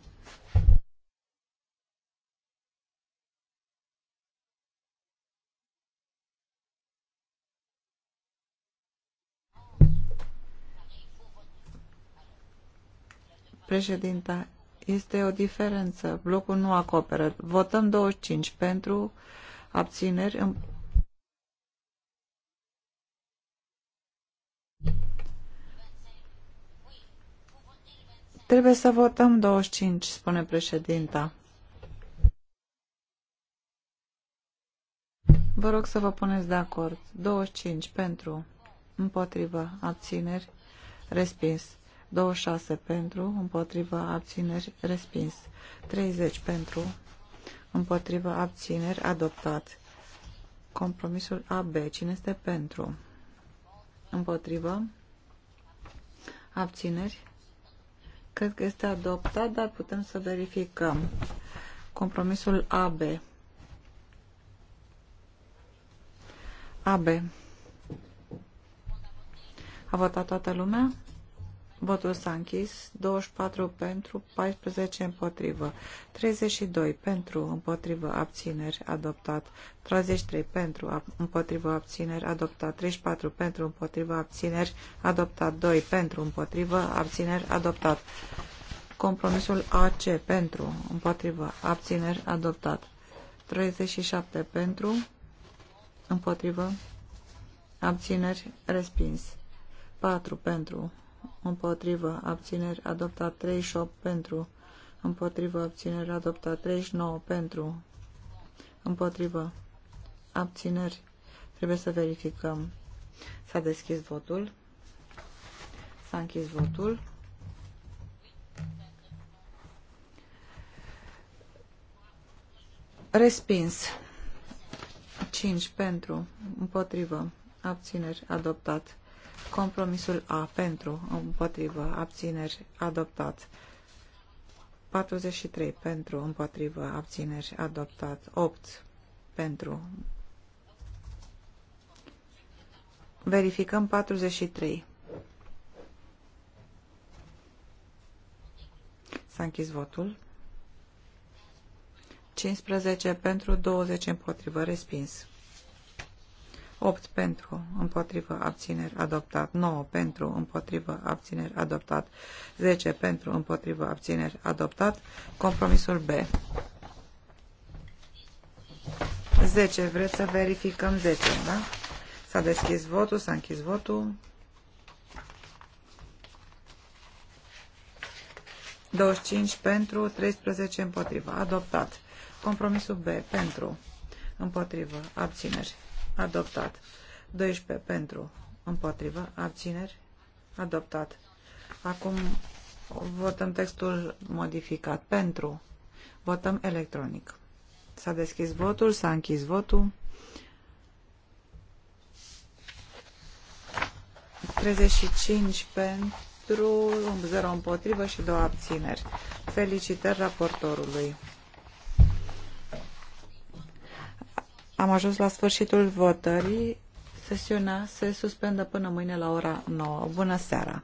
Președinta, este o diferență. Blocul nu acoperă. Votăm 25 pentru abțineri. Trebuie să votăm 25, spune președinta. Vă rog să vă puneți de acord. 25 pentru, împotrivă, abțineri, respins. 26 pentru, împotriva abțineri, respins. 30 pentru, împotriva abțineri, adoptat. Compromisul AB. Cine este pentru? Împotriva abțineri. Cred că este adoptat, dar putem să verificăm. Compromisul AB. AB. A votat toată lumea? Votul s-a închis. 24 pentru, 14 împotrivă. 32 pentru, împotrivă, abțineri, adoptat. 33 pentru, împotrivă, abțineri, adoptat. 34 pentru, împotrivă, abțineri, adoptat. 2 pentru, împotrivă, abțineri, adoptat. Compromisul AC pentru, împotrivă, abțineri, adoptat. 37 pentru, împotrivă, abțineri, respins. 4 pentru, împotrivă, abțineri, adoptat 38 pentru, împotrivă, abțineri, adoptat 39 pentru, împotrivă, abțineri, trebuie să verificăm. S-a deschis votul, s-a închis votul. Respins. 5 pentru, împotrivă, abțineri, adoptat. Compromisul A pentru, împotrivă, abțineri, adoptat. 43 pentru, împotrivă, abțineri, adoptat. 8 pentru. Verificăm 43. S-a închis votul. 15 pentru, 20 împotrivă, respins. 8 pentru, împotrivă, abțineri, adoptat. 9 pentru, împotrivă, abțineri, adoptat. 10 pentru, împotrivă, abțineri, adoptat. Compromisul B. 10. Vreți să verificăm 10, da? S-a deschis votul, s-a închis votul. 25 pentru, 13 împotrivă. Adoptat. Compromisul B pentru, împotrivă, abțineri adoptat. 12 pentru, împotrivă, abțineri, adoptat. Acum votăm textul modificat pentru. Votăm electronic. S-a deschis votul, s-a închis votul. 35 pentru, 0 împotrivă și 2 abțineri. Felicitări raportorului. Am ajuns la sfârșitul votării. Sesiunea se suspendă până mâine la ora 9. Bună seara!